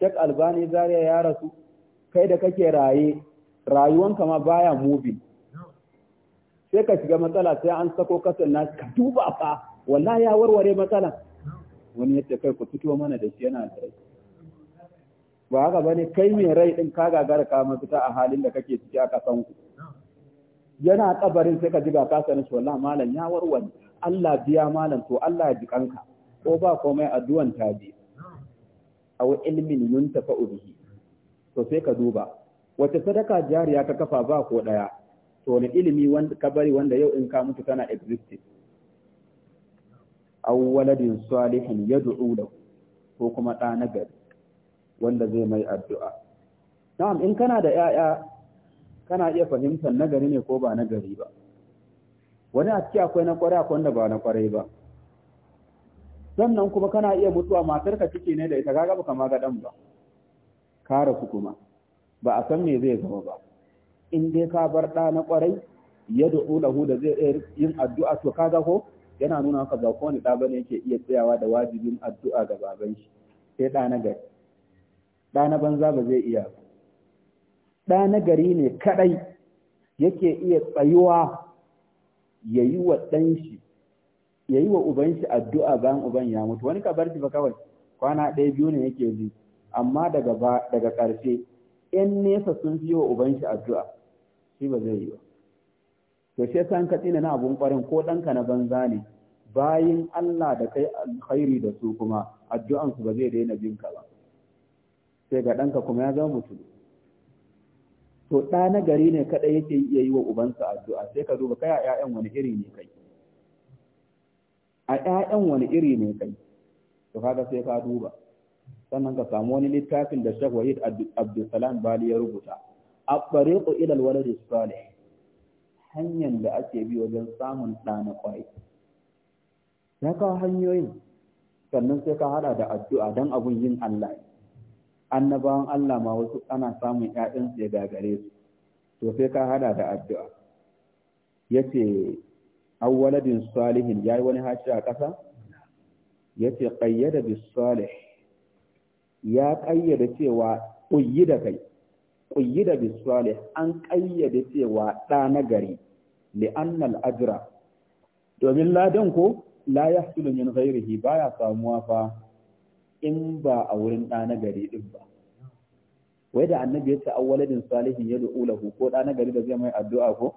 Sheikh Albani Zaria ya rasu kai da kake raye rayuwanka ma baya mubi sai ka shiga matsala sai an sako kasan nasi. ka duba fa wallahi ya warware matsala wani yadda kai ku fito mana da shi yana da rai ba haka bane kai mai rai din ka gagara ka mafita a halin da kake ciki a kasan ku yana kabarin sai ka ji ga ka sanin shi wallahi malam ya warware Allah biya malam to Allah ya ji kanka ko ba komai addu'an ta bi aw ilmin yuntafa bihi to sai ka duba wace sadaka jariya ka kafa ba ko daya to wani ilimi wanda ka bari wanda yau in ka mutu kana existing aw waladin salihin yad'u lahu ko kuma ɗa wanda zai mai addu'a na'am in kana da yaya kana iya fahimtar nagari ne ko ba nagari ba wani a akwai na kwarai akwai wanda ba na kwarai ba sannan kuma kana iya mutuwa matarka ciki ne da ita kaga baka ma ga dan ba Kare ku kuma ba a san me zai zama ba in dai ka bar ɗa na kwarai Yadu, da zai yin addu'a to kaga ko yana nuna maka ba kowane ɗa bane yake iya tsayawa da wajibin addu'a ga baban shi sai ɗa na gari ɗa na banza ba zai iya ba ɗa na gari ne kaɗai yake iya tsayuwa ya yi wa ɗan shi ya yi wa uban shi addu'a bayan uban ya mutu wani ka bar shi ba kawai kwana ɗaya biyu ne yake ji amma daga ba daga ƙarshe ‘yan nesa sun fi wa uban shi addu'a shi ba zai yi ba to shi yasa ka tsina na abun kwarin ko ɗanka na banza ne bayin Allah da kai alkhairi da su kuma addu'an su ba zai daina bin ka ba sai ga ɗanka kuma ya zama mutum to da na gari ne kaɗai yake iya yi wa ubansa addu'a sai ka duba kai a ‘ya'yan wani iri ne kai a ‘ya'yan wani iri ne kai to kaga sai ka duba sannan ka samu wani littafin da Sheikh Wahid Abdulsalam Bali ya rubuta at ilal ila al-walad salih hanyar da ake bi wajen samun ɗa na ƙwai ya kawo hanyoyin sannan sai ka haɗa da addu'a don abun yin Allah annabawan Allah ma wasu ana samun ‘ya'yansu ya gagare su to sai ka haɗa da addu'a ya ce awwaladin salihin ya yi wani hashi a ƙasa ya ce ƙayyada bi salih ya ƙayyada cewa ƙuyi da kai ƙuyi da bi salih an ƙayyada cewa ɗa nagari. li'annal ajra domin ladan ko la yahsulu min ghairihi ya samuwa fa in ba a wurin ɗa na gari din ba wai da annabi ya ce awwaladin salihin ya du'u lahu ko ɗa na gari da zai mai addu'a ko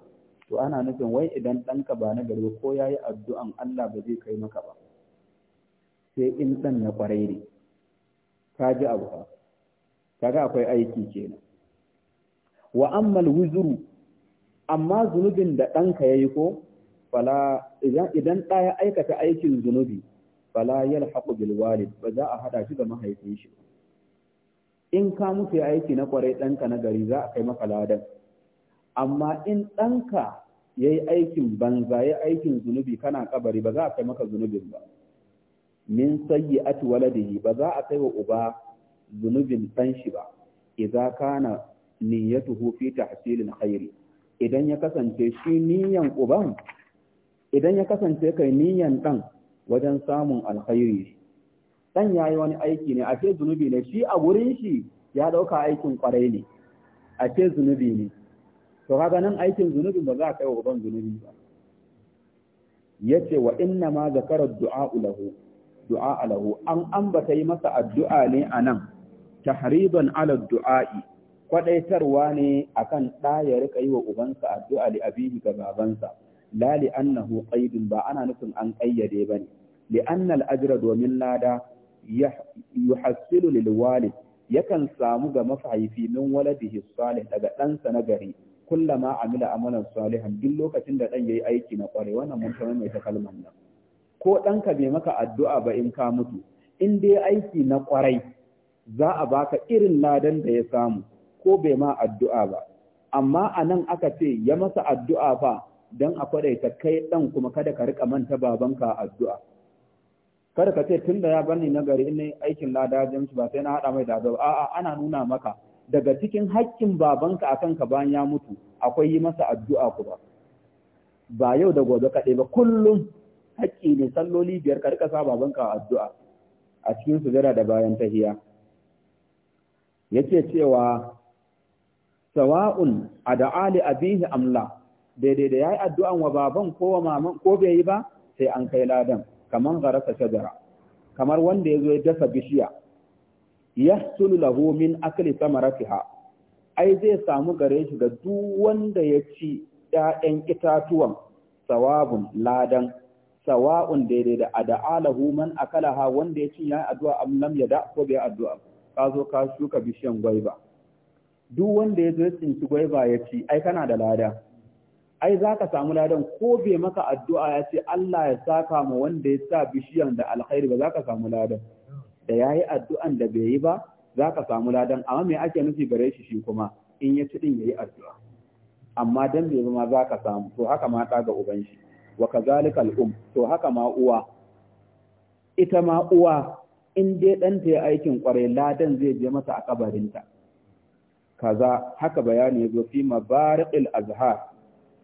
to ana nufin wai idan ɗanka ba na gari ko yayi addu'an Allah ba zai kai maka ba sai in ɗan na kwarai ne ka ji abu ka kaga akwai aiki kenan wa ammal wuzuru amma zunubin da ɗanka ya yi ko idan ɗa ya aikata aikin zunubi fala yal bil walid ba za a haɗa shi da mahaifin shi in ka mutu ya aiki na kwarai ɗanka na gari za a kai maka ladan amma in ɗanka ya yi aikin banza ya aikin zunubi kana kabari ba za a kai maka zunubin ba min sayi ati waladihi ba za a kai wa uba zunubin ɗan shi ba idza kana niyyatuhu fi tahsilil khairi idan ya kasance shi niyan uban idan ya kasance kai niyan ɗan wajen samun alkhairi ɗan ya yi wani aiki ne ake zunubi ne shi a gurin shi ya ɗauka aikin kwarai ne ake zunubi ne to kaga nan aikin zunubin ba za a kai wa uban zunubi ba yace wa inna ma zakara du'a lahu du'a lahu an ambata yi masa addu'a ne anan tahriban ala du'a'i kwadaitarwa ne akan ɗa ya rika yi wa ubansa addu'a li abihi ga babansa la li annahu qaidun ba ana nufin an qayyade bane li anna al ajra domin lada yuhassilu lil walid yakan samu ga mafahifi min waladihi salih daga ɗansa na gari kullama amila amalan salihan duk lokacin da ɗan yayi aiki na kware wannan mun ta mai ta kalman nan ko ɗanka bai maka addu'a ba in ka mutu in dai aiki na kwarai za a baka irin ladan da ya samu ko bai ma addu'a ba amma a nan aka ce ya masa addu'a fa don a kwadaita kai ɗan kuma kada ka riƙa manta babanka addu'a kada ka ce tun da ya bani na gari ne aikin lada jamsu ba sai na haɗa mai dada a ana nuna maka daga cikin haƙƙin babanka a kanka bayan ya mutu akwai yi masa addu'a ku ba ba yau da gobe kaɗai ba kullum haƙƙi ne salloli biyar ka riƙa sa babanka addu'a a cikin sujada da bayan tahiya yace cewa sawa'un ad'a li abihi amla daidai da yayi addu'an wa baban ko wa maman ko bai yi ba sai an kai ladan kamar garasa shajara kamar wanda yazo ya dafa bishiya yahsul lahu min akli samaratiha ai zai samu gare shi ga duk wanda ya ci ‘ya'yan itatuwan sawabun ladan, sawa'un daidai da ada'alahu man akalaha wanda ya ci yayi addu'a am lam ya ko bai addu'a, ka zo ka shuka bishiyan gwaiba, duk wanda ya zo ya tsinci gwaiba ya ci ai kana da lada ai za ka samu ladan ko bai maka addu'a ya ce Allah ya saka ma wanda ya sa bishiyan da alkhairi ba za ka samu ladan da ya yi addu'an da bai yi ba za ka samu ladan amma me ake nufi bare shi shi kuma in ya ci din ya addu'a amma dan bai ma za ka samu to haka mata ga uban shi wa kazalika al'um to haka ma uwa ita ma uwa in dai ɗanta ya aikin kwarai ladan zai je masa a kabarinta kaza haka bayani zo fi mabariqil azhar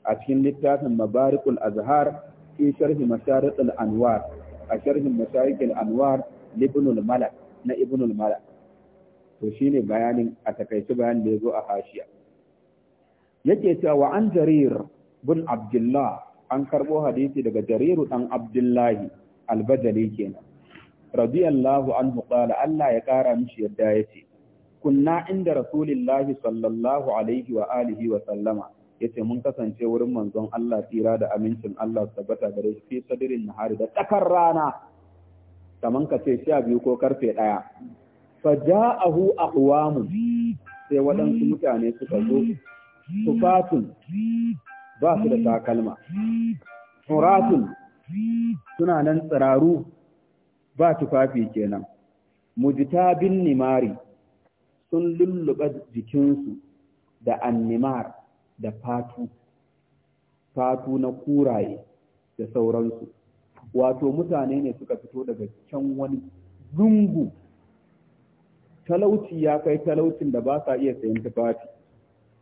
a cikin littafin mabariqul azhar fi sharhi masharikil anwar a sharhin masharikil anwar libnul malak na ibnul malak to shine bayanin a takaice bayanin da yazo a hashiya yake cewa wa an jarir bin abdullah an karbo hadisi daga jariru dan abdullahi albajali kenan radiyallahu anhu qala Allah ya kara mishi yadda yace kunna inda rasulillahi sallallahu alaihi wa alihi wa sallama yace mun kasance wurin manzon Allah tsira da amincin Allah tabbata gare shi fi sadirin nahari da tsakar rana kaman ka ce sha biyu ko karfe ɗaya fa ja'ahu aqwamu sai waɗansu mutane suka zo tufatun ba su da takalma turatun suna nan tsiraru ba tufafi kenan mujtabin nimari sun lulluɓa jikinsu da annimar da fatu fatu na kuraye da sauransu wato mutane ne suka fito daga can wani zungu talauci ya kai talaucin da ba sa iya sayan tufafi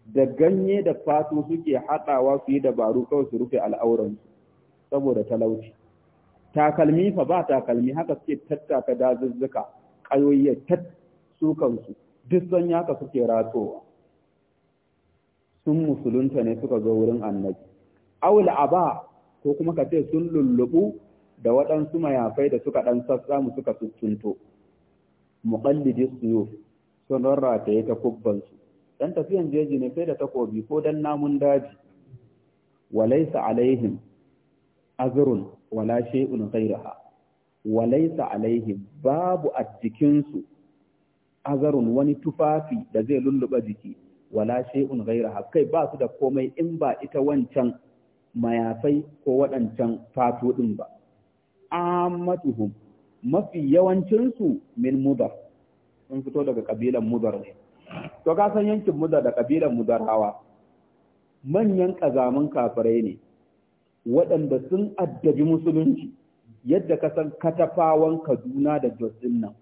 da ganye da fatu suke haɗawa su yi dabaru kawai su rufe al'auransu saboda talauci takalmi fa ba takalmi haka suke tattaka dazuzzuka ƙayoyi tat su kansu duk zan yaka suke ratowa. sun musulunta ne suka zo wurin annabi awul aba ko kuma ka ce sun lullubu da waɗansu mayafai da suka ɗan sassamu suka tuntunto muqallidi suyuf sun rarrataye ta kubbansu dan tafiyan jeji ne sai da takobi ko dan namun daji walaysa alaihim azrun wala shay'un ghayraha walaysa alaihim babu a jikinsu azarun wani tufafi da zai lulluɓa jiki wala shay'un raira kai ba su da komai in ba ita wancan mayafai ko waɗancan fato din ba ammatuhum mafi yawancinsu min mudar sun fito daga kabilan mudar ne to ka san yankin mudar da kabilan mudarawa manyan kazamin kafirai ne waɗanda sun addabi musulunci yadda ka san katafawan kaduna da jos nan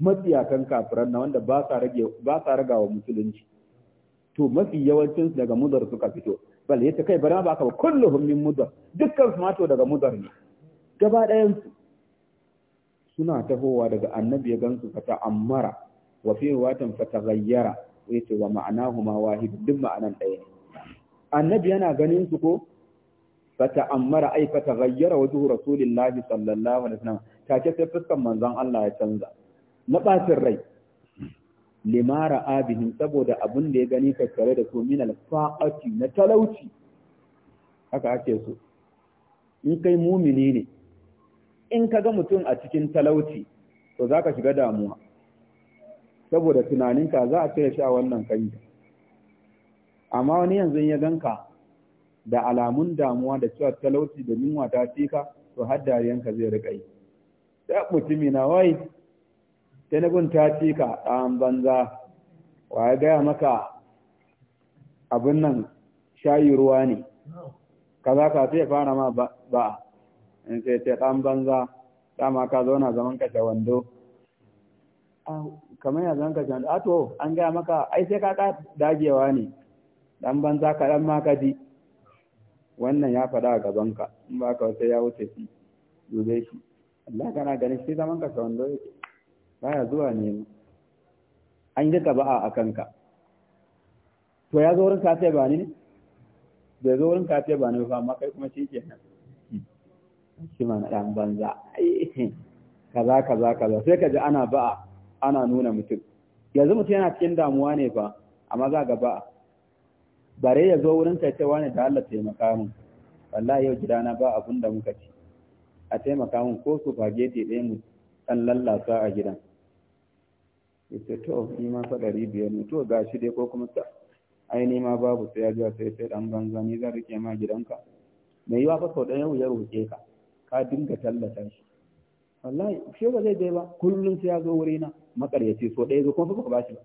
matsiyakan kafiran na wanda ba sa rage ba sa raga wa musulunci to mafi yawancin su daga mudar suka fito bal yace kai bana ba ka kulluhum min mudar dukkan su mato daga mudar ne gaba ɗayan su suna tahowa daga annabi ya gansu fata ammara wa fi watan fata gayyara yace wa ma'anahuma wahid duk ma'anan ɗaya ne annabi yana ganin su ko fata ammara ai fata gayyara wajen rasulillahi sallallahu alaihi wasallam ce sai fuskan manzon Allah ya canza na ɓacin rai limara abihin saboda abin da ya gani tattare da su minal alfa'ati na talauci haka ake so in kai mumini ne in ka ga mutum a cikin talauci to za ka shiga damuwa saboda tunaninka za a cire shi a wannan kanya amma wani yanzu ya ganka da alamun damuwa da cewa talauci da yunwa ta cika to har dariyanka zai riƙa yi sai mutumi na wai tinubun ta ci ka ɗan banza wa ya gaya maka abin nan shayi ruwa ne kaza ka sai fara ma ba in sai ce ɗan banza dama ka zauna zaman kashe wando kamar ya zaman kashe wando a to an gaya maka ai sai ka ka dagewa ne ɗan banza ka ɗan ma ka ji wannan ya faɗa a gabanka in ba ka wata ya wuce shi dube shi Allah kana ganin shi zaman kashe wando yake baya zuwa mu. an yi ba'a a kanka to ya zo wurin kafiya ba ne bai zo wurin kafiya ba ne ba amma kai kuma shi nan shi ma na dan banza kaza kaza kaza sai ka ji ana ba'a ana nuna mutum yanzu mutum yana cikin damuwa ne ba, amma za ga ba'a bare ya zo wurin ka cewa ne da Allah taimaka mun wallahi yau gidana ba abun da muka ci a taimaka mun ko su bageti ɗaya mu ɗan lallasa a gidan yace to ni ma fa ɗari biyar ne to ga shi dai ko kuma ta ai ni ma babu sai ya ji sai sai ɗan banza ni zan rike ma gidanka mai yiwa fa sau ɗaya ya roƙe ka ka dinga tallata shi wallahi shi ba zai je ba kullum sai ya zo wurina makaryaci so ɗaya zo kuma baka bashi ba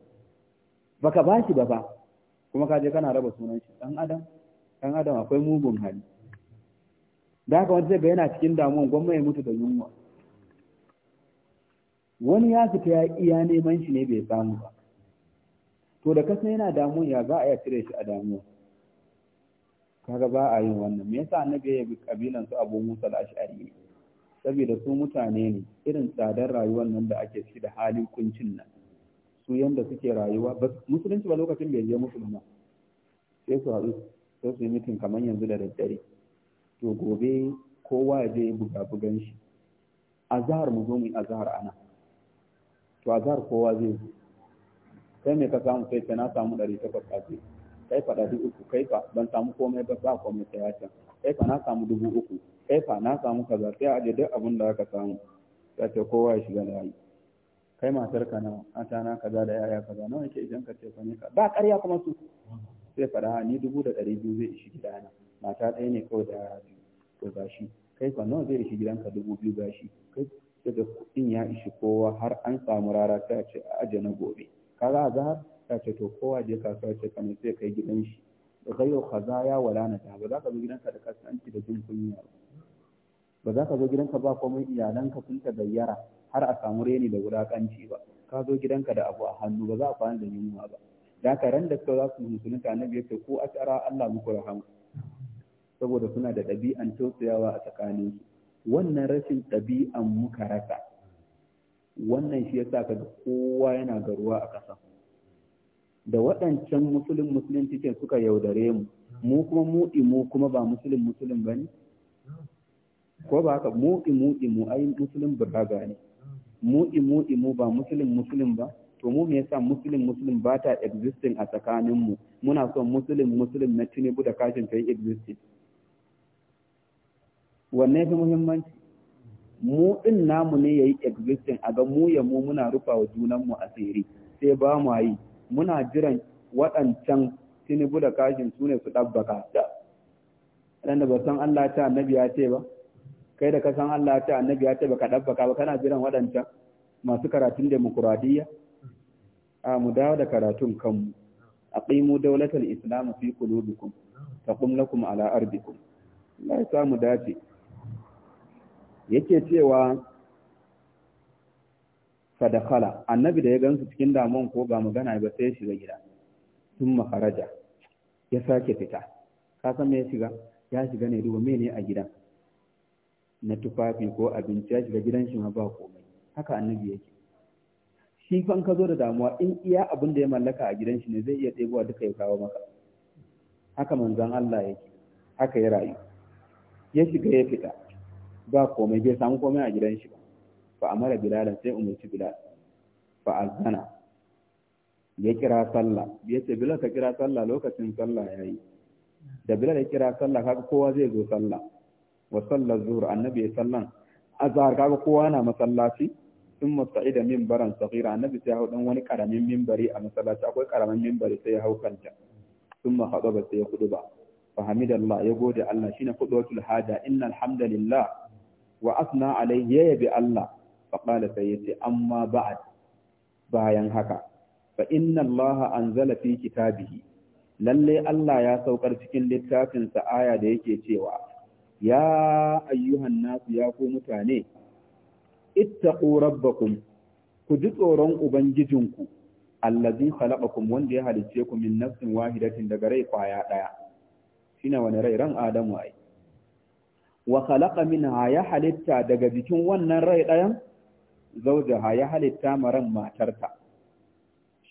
baka bashi ba fa kuma ka je kana raba sunan shi dan adam dan adam akwai mugun hali da haka wanda zai ga yana cikin damuwa gwamma ya mutu da yunwa wani ya fita ya iya neman shi ne bai samu ba to da kasan yana damuwa ya za a ya cire shi a damuwa kaga ba a yin wannan me yasa annabi ya bi kabilan su Abu Musa al-Ash'ari saboda su mutane ne irin tsadar rayuwar nan da ake ciki da halin kuncin nan su yanda suke rayuwa ba musulunci ba lokacin bai je musulma sai su haɗu sai su yi mitin kamar yanzu da daddare to gobe kowa ya je buga bugan shi azhar mu zo mu azhar ana to azhar kowa zai zo kai me ka samu sai ce na samu ɗari takwas a ce kai fa ɗari uku kai fa ban samu komai ba ba komai sai ya can kai fa na samu dubu uku kai fa na samu kaza sai a aje duk abin da aka samu ta ce kowa ya shiga layi kai matar ka nawa ta na kaza da yaya kaza nawa yake idan ka ce fa ne ka ba ƙarya kuma su sai faɗa ni dubu da ɗari biyu zai ishi gidana mata ɗaya ne kawai da yaya biyu to gashi kai fa nawa zai ishi gidanka dubu biyu gashi kai daga kuɗin ya ishi kowa har an samu rara sai a ce a aje na gobe Ka za a zahar ta ce to kowa je kasuwa ce kamar sai kai gidan shi da yau kaza ya wala na ta ba za ka zo gidanka da kasanci da jin kunya ba ba za ka zo gidanka ba komai iyalanka sun ta gayyara har a samu reni da wulakanci ba ka zo gidanka da abu a hannu ba za a fara da yunwa ba da haka ran da suka za su musulunta annabi ya ce ko a tsara Allah muku rahama saboda suna da ɗabi'an tausayawa a tsakaninsu wannan rashin ɗabi'an muka rasa wannan shi yasa kaga kowa yana garuwa a ƙasa da waɗancan musulun musulun cikin suka yaudare mu mu kuma mu imu kuma ba musulun musulun ne ko ba haka mu imu imu ai musulun burhaga ne mu imu imu ba musulun musulun ba to mu me yasa musulun musulun ba ta existing a tsakanin mu muna son musulun musulun na tinubu da kashin ta yi existing wannan fi muhimmanci mu din namu ne yayi existing a ga mu ya mu muna rufa wa junan mu asiri sai ba mu yi muna jiran waɗancan tinubu da kashin su ne su ɗabbaka da ɗan da ba san Allah ta annabi ya ce ba kai da ka san Allah ta annabi ya ce ba ka ɗabbaka ba kana jiran waɗancan masu karatun demokuraɗiyya a mu dawo da karatun kanmu a aqimu daulatar islam fi qulubikum taqum lakum ala ardikum Allah ya samu dace yake cewa fadakala annabi da ya gansu cikin damon ko ga magana ba sai ya shiga gida sun makaraja ya sake fita ka san me ya shiga ya shiga ne duba mene a gidan na tufafi ko abinci ya shiga gidan shi ma ba komai haka annabi yake shi kan ka zo da damuwa in iya abin da ya mallaka a gidan shi ne zai iya ɗebowa duka ya kawo maka haka manzon Allah yake haka ya rayu ya shiga ya fita ba komai bai samu komai a gidan shi ba fa amara bilalan sai umarci bilal fa azana ya kira sallah ya ce bilal ka kira sallah lokacin sallah yayi da bilal ya kira sallah kaga kowa zai zo sallah wa sallar zuhur annabi ya sallan azhar kaga kowa na masallaci sun musta'ida minbaran saghira annabi sai ya hau dan wani karamin minbari a masallaci akwai karamin minbari sai ya hau kanta sun ma ba sai ya kudu ba fa hamidallah ya gode Allah shine kudu haja innal hamdalillah wa asna alaihi ya yabi Allah qala sai yace amma ba'ad bayan haka fa inna Allah anzala fi kitabihi lalle Allah ya saukar cikin littafin sa aya da yake cewa ya ayyuhan nasu ya ku mutane ittaqu rabbakum ku ji tsoron ubangijinku allazi khalaqakum wanda ya halicce ku min nafsin wahidatin daga rai kwaya daya shine wani rai ran adamu ai wa khalaqa minha ya halitta daga jikin wannan rai ɗayan zaujaha ya halitta maran matarta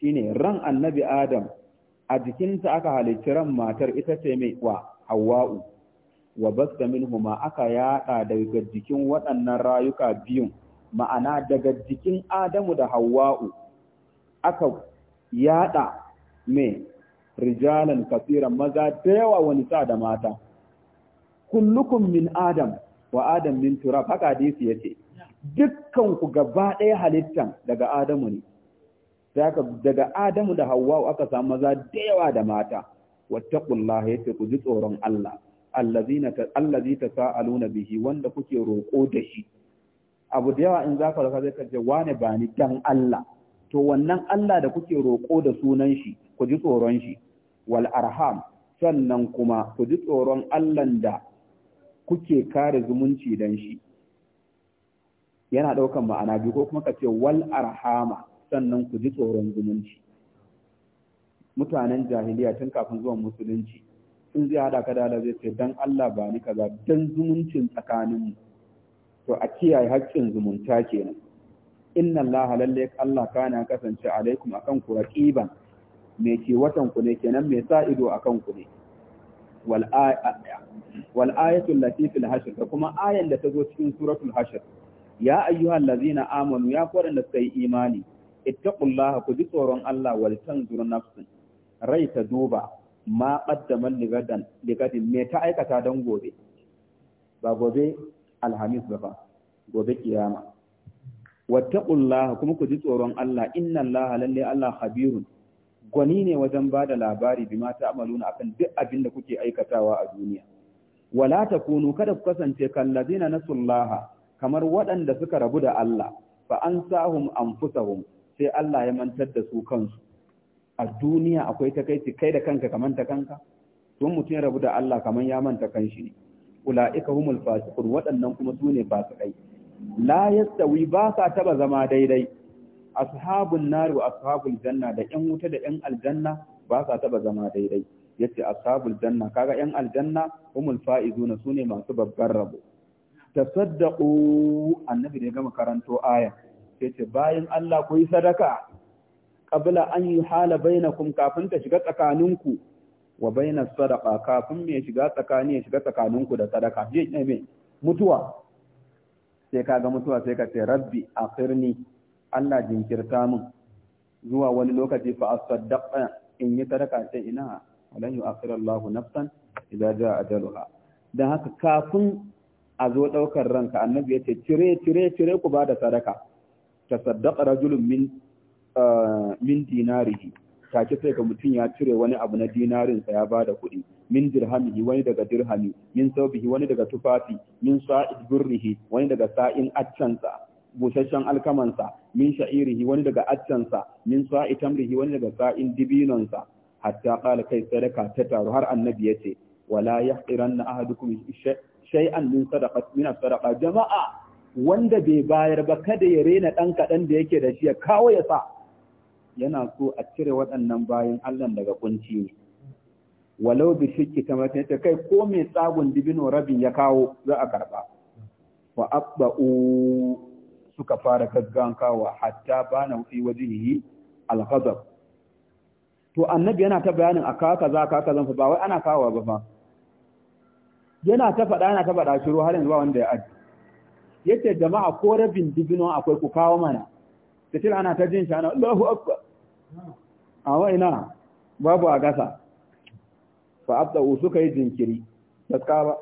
shine ran annabi adam a jikinta aka halicci ran matar ita ce mai wa hawa'u wa basta minhuma aka yada daga jikin waɗannan rayuka biyu ma'ana daga jikin adamu da hawa'u aka yada mai rijalan kafiran maza da yawa wani sa da mata kullukum min adam wa adam min turab haka hadisi yace dukkan ku gaba ɗaya halittan daga adamu ne daga adamu da hawwa aka samu maza da yawa da mata wattaqullaha ce ku ji tsoron Allah allazina allazi tasaaluna bihi wanda kuke roko da shi abu da yawa in zaka raka zai kace wane ba ni dan Allah to wannan Allah da kuke roko da sunan shi ku ji tsoron shi wal arham sannan kuma ku ji tsoron Allah da kuke kare zumunci dan shi yana ɗaukan ma'ana biyu ko kuma ka ce wal arhama sannan ku ji tsoron zumunci mutanen jahiliya tun kafin zuwan musulunci sun zai haɗa ka da zai ce dan Allah ba ni kaza dan zumuncin tsakanin mu to a kiyaye haƙƙin zumunta kenan inna Allah lalle Allah kana kasance alaikum akan ku raqiban me ke watan ku ne kenan me sa ido akan ku ne wal ayatu allati fil hashr da kuma ayan da ta zo cikin suratul hashr ya ayyuhal na amanu ya ku da suka yi imani ittaqullaha ku ji tsoron Allah wal tanzur nafsin rai ta duba ma qaddaman ligadin me ta aikata dan gobe ba gobe alhamis ba fa gobe kiyama wattaqullaha kuma ku ji tsoron Allah inna Allah lalle Allah khabirun gwani ne wajen ba da labari bi mata na akan duk abin da kuke aikatawa a duniya wala takunu kada ku kasance na nasullaha kamar waɗanda suka rabu da Allah fa ansahum anfusahum sai Allah ya mantar da su kansu a duniya akwai takaici kai da kanka kamar ta kanka tun mutum ya rabu da Allah kaman ya manta kanshi ne ula'ika humul fasiqun waɗannan kuma su ne fasikai la yastawi ba sa taba zama daidai ashabun nari wa ashabul janna da ƴan wuta da ƴan aljanna ba sa taba zama daidai yace ashabul janna kaga ƴan aljanna humul faizuna sune masu babbar rabo tasaddaqu annabi ne gama karanto aya yace bayan Allah ku yi sadaka qabla an yuhala bainakum kafin ta shiga tsakaninku wa bainas sadaqa kafin me shiga tsakani ya shiga tsakaninku da sadaka je ne mutuwa sai kaga mutuwa sai ka ce rabbi akhirni Allah jinkirta mun zuwa wani lokaci fa asaddaqa in yi sadaka sai ina yu akhira Allah nafsan idza jaa ajaluha dan haka kafin a zo daukar ranka annabi yace cire cire cire ku bada sadaka tasaddaqa rajulun min ah, min dinarihi take sai ka mutum ya cire wani abu na dinarinsa ya bada kuɗi min dirhamihi wani daga dirhami min saubihi wani daga tufafi min sa'id burrihi wani daga sa'in accansa busasshen alkamansa min sha'irihi wani daga accansa min sa'i wani daga sa'in dibinonsa hatta qala kai sadaka ta taru har annabi yace wala yahqiranna ahadukum shay'an min sadaqat min sadaqa jama'a wanda bai bayar ba kada ya rena dan kadan da yake da shi ya kawo ya sa yana so a cire waɗannan bayan Allah daga kunci ne walau bi shikki tamatin ta kai ko mai tsagun dibino rabin ya kawo za a karba wa abba'u suka fara gaggawa, kawa hatta bana fi wajihi al to annabi yana ta bayanin a kaka za kaka zan fa ba wai ana kawa ba fa yana ta faɗa yana ta faɗa shiru har yanzu ba wanda ya aji yace jama'a ko rabin dibino akwai ku kawo mana da tira ana ta jin shi ana Allahu akbar a waina babu a gasa fa abda usuka yi jinkiri da ba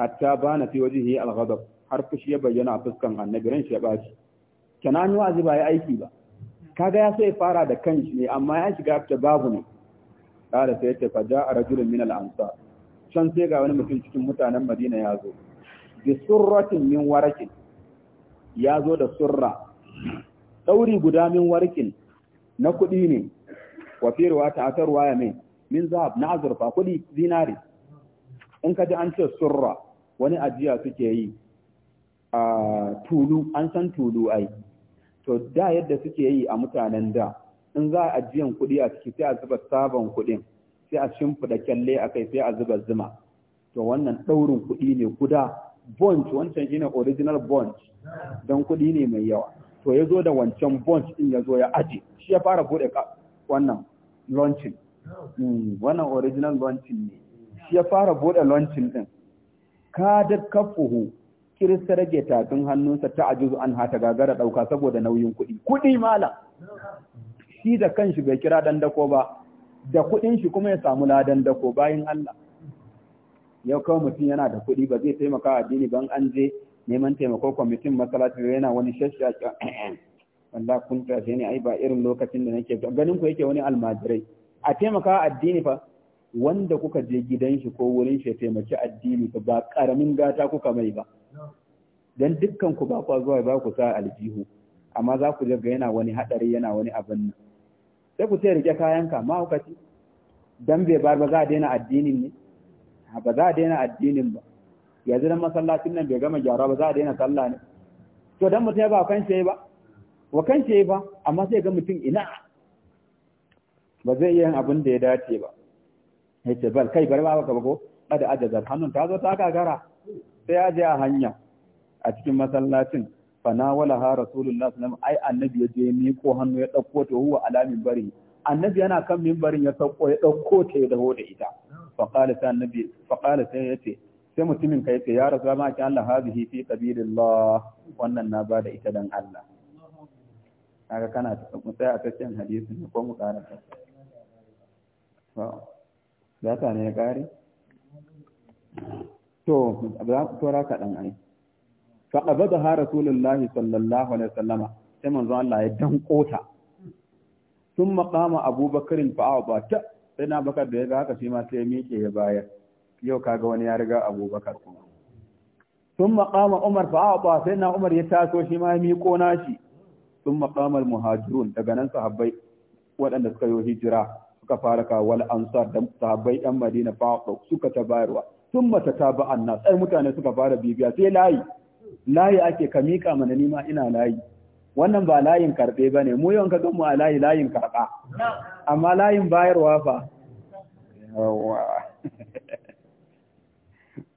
hatta bana fi wajihi alghadab. har fushi ya bayyana a fuskan annabi ran shi ya baci kenan wazi ba ya aiki ba kaga ya sai fara da kanshi ne amma ya shiga ta babu ne kada sai ta faja a rajulun min al-ansar can sai ga wani mutum cikin mutanen Madina ya zo bi surratin min warakin ya zo da surra dauri guda min warakin na kuɗi ne wa fi riwata atar waya mai min zahab na azurfa kuɗi zinari in ka ji an ce surra wani ajiya suke yi tulu an san tulu ai to da yadda suke yi a mutanen da in za a ajiyan kuɗi a ciki sai a zuba sabon kuɗin sai a shimfiɗa kyalle a kai sai a zuba zuma to wannan ɗaurin kuɗi ne guda bunch wancan shine original bunch don kuɗi ne mai yawa to ya zo da wancan bunch ɗin ya zo ya aje shi ya fara buɗe wannan launching hmm, wannan original launching ne shi ya fara buɗe launching ɗin ka da kafuhu kirista rage tafin hannunsa ta ajuzu an hata gagara ɗauka saboda nauyin kuɗi. Kuɗi mala. Shi da kanshi bai kira dandako ba, da kuɗin shi kuma ya samu ladan dako bayan Allah. Yau kawai mutum yana da kuɗi ba zai taimaka addini ban an je neman taimako kwamitin masallaci yana wani shashshaki. Allah kun tashe ne ai ba irin lokacin da nake ganin ku yake wani almajirai. A taimaka addini fa wanda kuka je gidan shi ko wurin shi ya taimaki addini ba karamin gata kuka mai ba dan dukkan ku ba ku zuwa ba ku sa aljihu amma za ku ga yana wani hadari yana wani abin nan sai ku sai rike kayanka ma kuka ci dan bai bar ba za a daina addinin ne ba za a daina addinin ba yanzu dan masallacin nan bai gama gyara ba za a daina sallah ne to dan mutum ya ba kan shi ba wa kan shi ba amma sai ga mutum ina ba zai iya yin abin da ya dace ba Yace bal kai bari ba ka bako kada ajazar hannun ta zo ta gagara sai ya je a hanya a cikin masallacin fana wala ha rasulullah sallam ai annabi ya je ni ko hannu ya dauko ta huwa alamin bari annabi yana kan minbarin ya sauko ya dauko ta ya dawo da ita fa qala sai annabi fa qala sai yace sai mutumin ka yace ya rasulullah ma ki Allah hazihi fi sabilillah wannan na bada ita dan Allah kaga kana sai a cikin hadisi ko mu karanta data ne ya kare? to za ku tora kaɗan ai faɗaɓa da ha rasulullahi sallallahu alaihi wasallama sai manzo Allah ya dan ta sun maƙama abubakarin fa'awa ba ta sai na bakar da ya ga haka shi ma sai miƙe ya bayar yau kaga wani ya riga abubakar kuma sun maƙama umar fa'awa ba sai na umar ya taso shi ma ya miƙo nashi sun maƙamar muhajirun daga nan sahabbai waɗanda suka yi hijira suka fara kawo wal ansar da sahabbai ɗan madina fa suka ta bayarwa sun mata ta ba sai mutane suka fara bibiya sai layi layi ake ka miƙa mana nima ina layi wannan ba layin karɓe ba ne mu yawan ka gan mu a layi layin karɓa amma layin bayarwa fa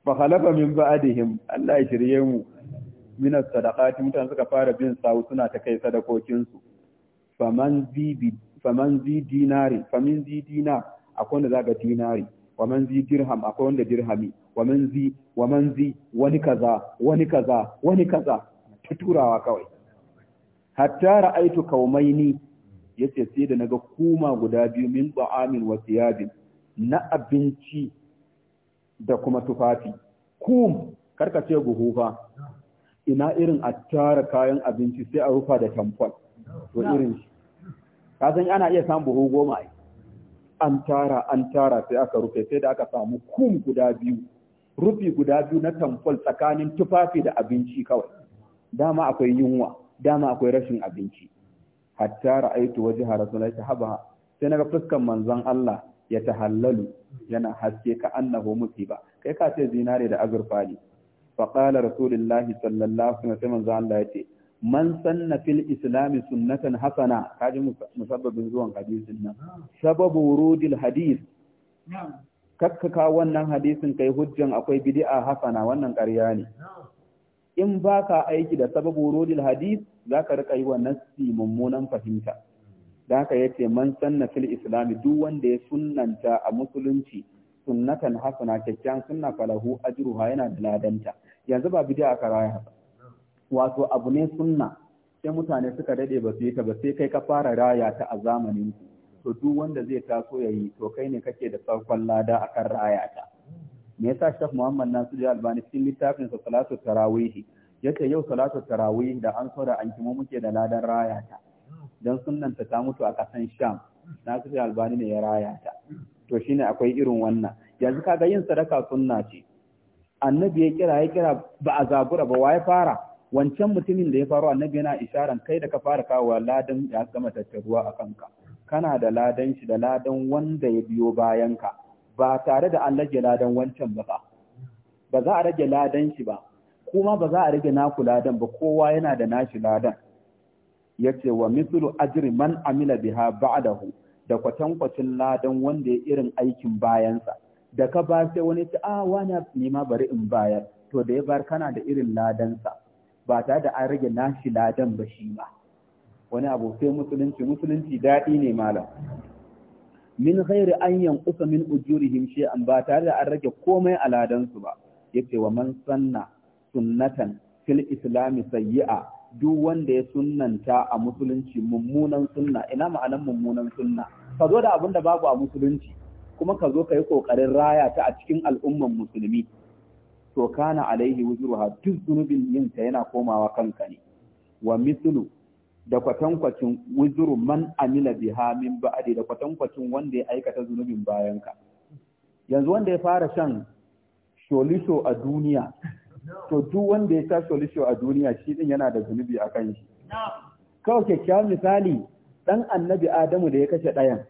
fa khalafa min ba'dihim Allah ya shirye mu min sadaqati mutane suka fara bin sawu suna ta kai sadakokin su faman bibi. faman zi dinari famin zi dinar akwai wanda zaga dinari waman zi dirham akwai wanda dirhami waman zi waman zi wani kaza wani kaza wani kaza ta turawa kawai hatta ra'aitu kaumaini yace sai da naga kuma guda biyu min ba'amin wa thiyabin na abinci da kuma tufafi kum karka ce guhufa ina irin a tara kayan abinci sai a rufa da tampon? to irin shi ka san ana iya samun buhu goma yi an tara an tara sai aka rufe sai da aka samu kum guda biyu rufi guda biyu na tamfol tsakanin tufafi da abinci kawai dama akwai yunwa dama akwai rashin abinci hatta ra'aitu wajha rasulullahi sahaba sai naga fuskan manzon Allah ya tahallalu yana haske ka annahu musiba kai ka ce zinare da azurfa ne fa qala sallallahu alaihi wasallam manzon Allah yace man sanna fil islami sunnatan hasana kaji musabbabin zuwan hadisin nan sababu wurudil hadis kakkaka wannan hadisin kai hujjan akwai bid'a hasana wannan ƙarya ne in baka aiki da sababu wurudil hadis zaka rika yi wa nassi mummunan fahimta da haka yace man sanna fil islami duk wanda ya sunnanta a musulunci sunnatan hasana kyakkyan sunna falahu ajruha yana da ladanta yanzu ba bid'a karaya haka wato abu ne sunna sai mutane suka dade ba su yi ta ba sai kai ka fara raya ta a zamanin ku. to duk wanda zai taso ya yi to kai ne kake da farkon lada akan raya ta me yasa shaf Muhammad Nasir Albani cikin littafin sa Salatu Tarawih yace yau Salatu Tarawih da an so da an kimo muke da ladan raya ta dan sunnan ta mutu a kasan Sham Nasir Albani ne ya raya ta to shine akwai irin wannan yanzu kaga yin sadaka sunna ce annabi ya kira ya kira ba a zabura ba wa ya fara wancan mutumin da ya faru annabi yana isharan kai da ka fara kawo ladan ya gama tattaruwa a kanka kana da ladan shi da ladan wanda ya biyo bayanka ba tare da an rage ladan wancan ba ba za a rage ladan shi ba kuma ba za a rage naku ladan ba kowa yana da nashi ladan yace wa mithlu ajri man amila biha ba'dahu da kwatankwacin ladan wanda ya irin aikin bayansa da ka ba sai wani ta a ah, wani nema bari in bayar to da ya bar kana da irin ladansa ba tare da an rage nashi ladan ba shi ba. wani abu sai musulunci musulunci daɗi ne malam min ghairi an yanqusa min ujurihim shay'an ba tare da an rage komai a ladan su ba yace wa man sanna sunnatan fil islami sayyi'a duk wanda ya sunnanta a musulunci mummunan sunna ina ma'anan mummunan sunna ka zo da abin da babu a musulunci kuma ka zo ka yi kokarin raya ta a cikin al'umman musulmi to kana alaihi wuzruha duk zunubin yin ta yana komawa kanka ne wa mithlu da kwatankwacin wuzuru man amila biha min ba'di da kwatankwacin wanda ya aikata zunubin bayan ka yanzu wanda ya fara shan sholisho a duniya to duk wanda ya sha sholisho a duniya shi din yana da zunubi a kan shi kawai kyakkyawan misali dan annabi adamu da ya kashe ɗayan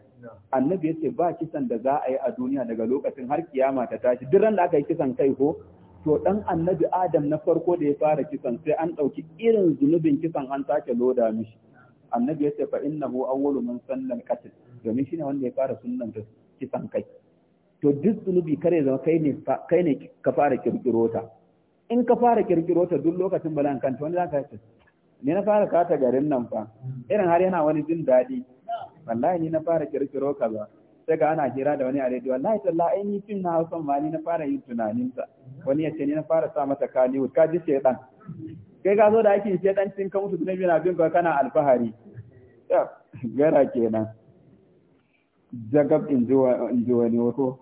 annabi ya ce ba kisan da za a yi a duniya daga lokacin har kiyama ta tashi duk ran da aka yi kisan kai ko to dan annabi adam na farko da ya fara kisan sai an ɗauki irin zunubin kisan an sake loda mishi annabi ya ce fa innahu awwalu man sallal qatl domin shine wanda ya fara sunnan kisan kai to duk zunubi kare zama kai ne kai ne ka fara kirkiro ta in ka fara kirkiro ta duk lokacin balan kanta wani zaka ce ni na fara kata garin nan fa irin har yana wani jin daɗi wallahi ni na fara kirkiro ba. sai ana jira da wani a rediyo wallahi talla ai fim na Hausa ma ni na fara yin tunanin sa wani ya ce ni na fara sa mata Kannywood ka ji shedan kai ka zo da ake shedan tin ka mutu dunabi na bin ka kana alfahari gara kenan jagab in ji wani wato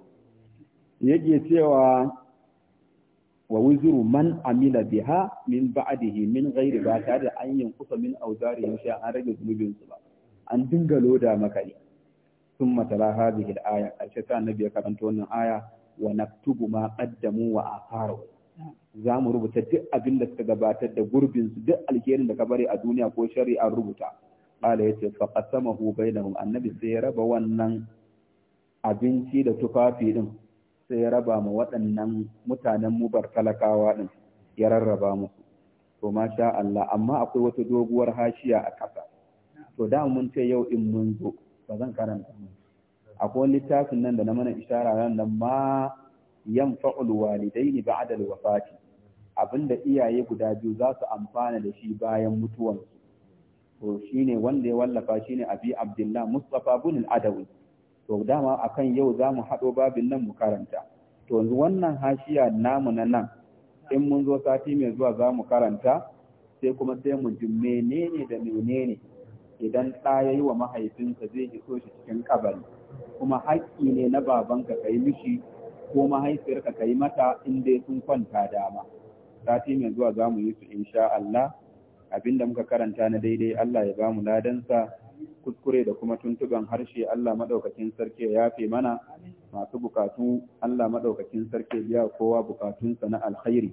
yake cewa wa wuzuru man amila biha min ba'dihi min ghairi ba tare da an yankusa min auzari sha an rage su ba an dinga loda maka ne thumma tala hadhihi al-aya karshe sai annabi ya karanta wannan aya wa naktubu ma qaddamu wa atharu za mu rubuta duk abin da suka gabatar da gurbin su duk alherin da ka bari a duniya ko shari'a rubuta qala yace fa qasamahu bainahum annabi sai ya raba wannan abinci da tufafi din sai ya raba ma waɗannan mutanen mubar talakawa din ya rarraba musu to masha Allah amma akwai wata doguwar hashiya a kasa to da mun ce yau in mun zo ba zan karanta akwai littafin nan da na mana ishara nan da ma yanfa'ul walidaini ba'da al-wafati abinda iyaye guda biyu za su amfana da shi bayan mutuwan. to shine wanda ya wallafa shine abi abdullah mustafa bin al-adawi to dama akan yau za mu haɗo babin nan mu karanta to yanzu wannan hashiya namu na nan in mun zo sati mai zuwa za mu karanta sai kuma sai mu ji menene da menene idan ɗa ya yi wa mahaifinsa zai iso shi cikin kabari kuma haƙƙi ne na babanka ka yi mishi ko mahaifiyarka ka yi mata in dai sun kwanta dama sati mai zuwa za mu yi su in sha Allah Abin da muka karanta na daidai Allah ya ba mu ladansa kuskure da kuma tuntuban harshe Allah maɗaukacin sarki ya yafe mana masu bukatu Allah maɗaukacin sarki biya kowa bukatunsa na alkhairi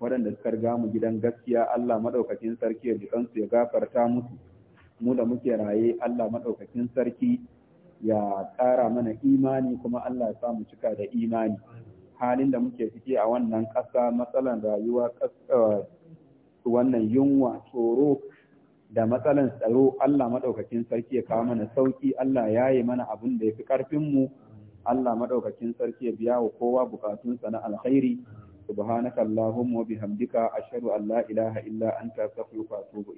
waɗanda suka riga mu gidan gaskiya Allah maɗaukacin sarki ya jikansu ya gafarta musu mu da muke raye Allah maɗaukakin sarki ya ƙara mana imani kuma Allah ya samu cika da imani halin da muke ciki a wannan ƙasa matsalan rayuwa eh, wannan yunwa tsoro da matsalan tsaro Allah maɗaukakin sarki ya kawo mana sauki Allah ya yi mana abin da ya fi ƙarfinmu Allah maɗaukakin sarki ya biya wa kowa bukatunsa na alkhairi subhanaka allahumma wa bihamdika ashhadu an la ilaha illa anta astaghfiruka wa atubu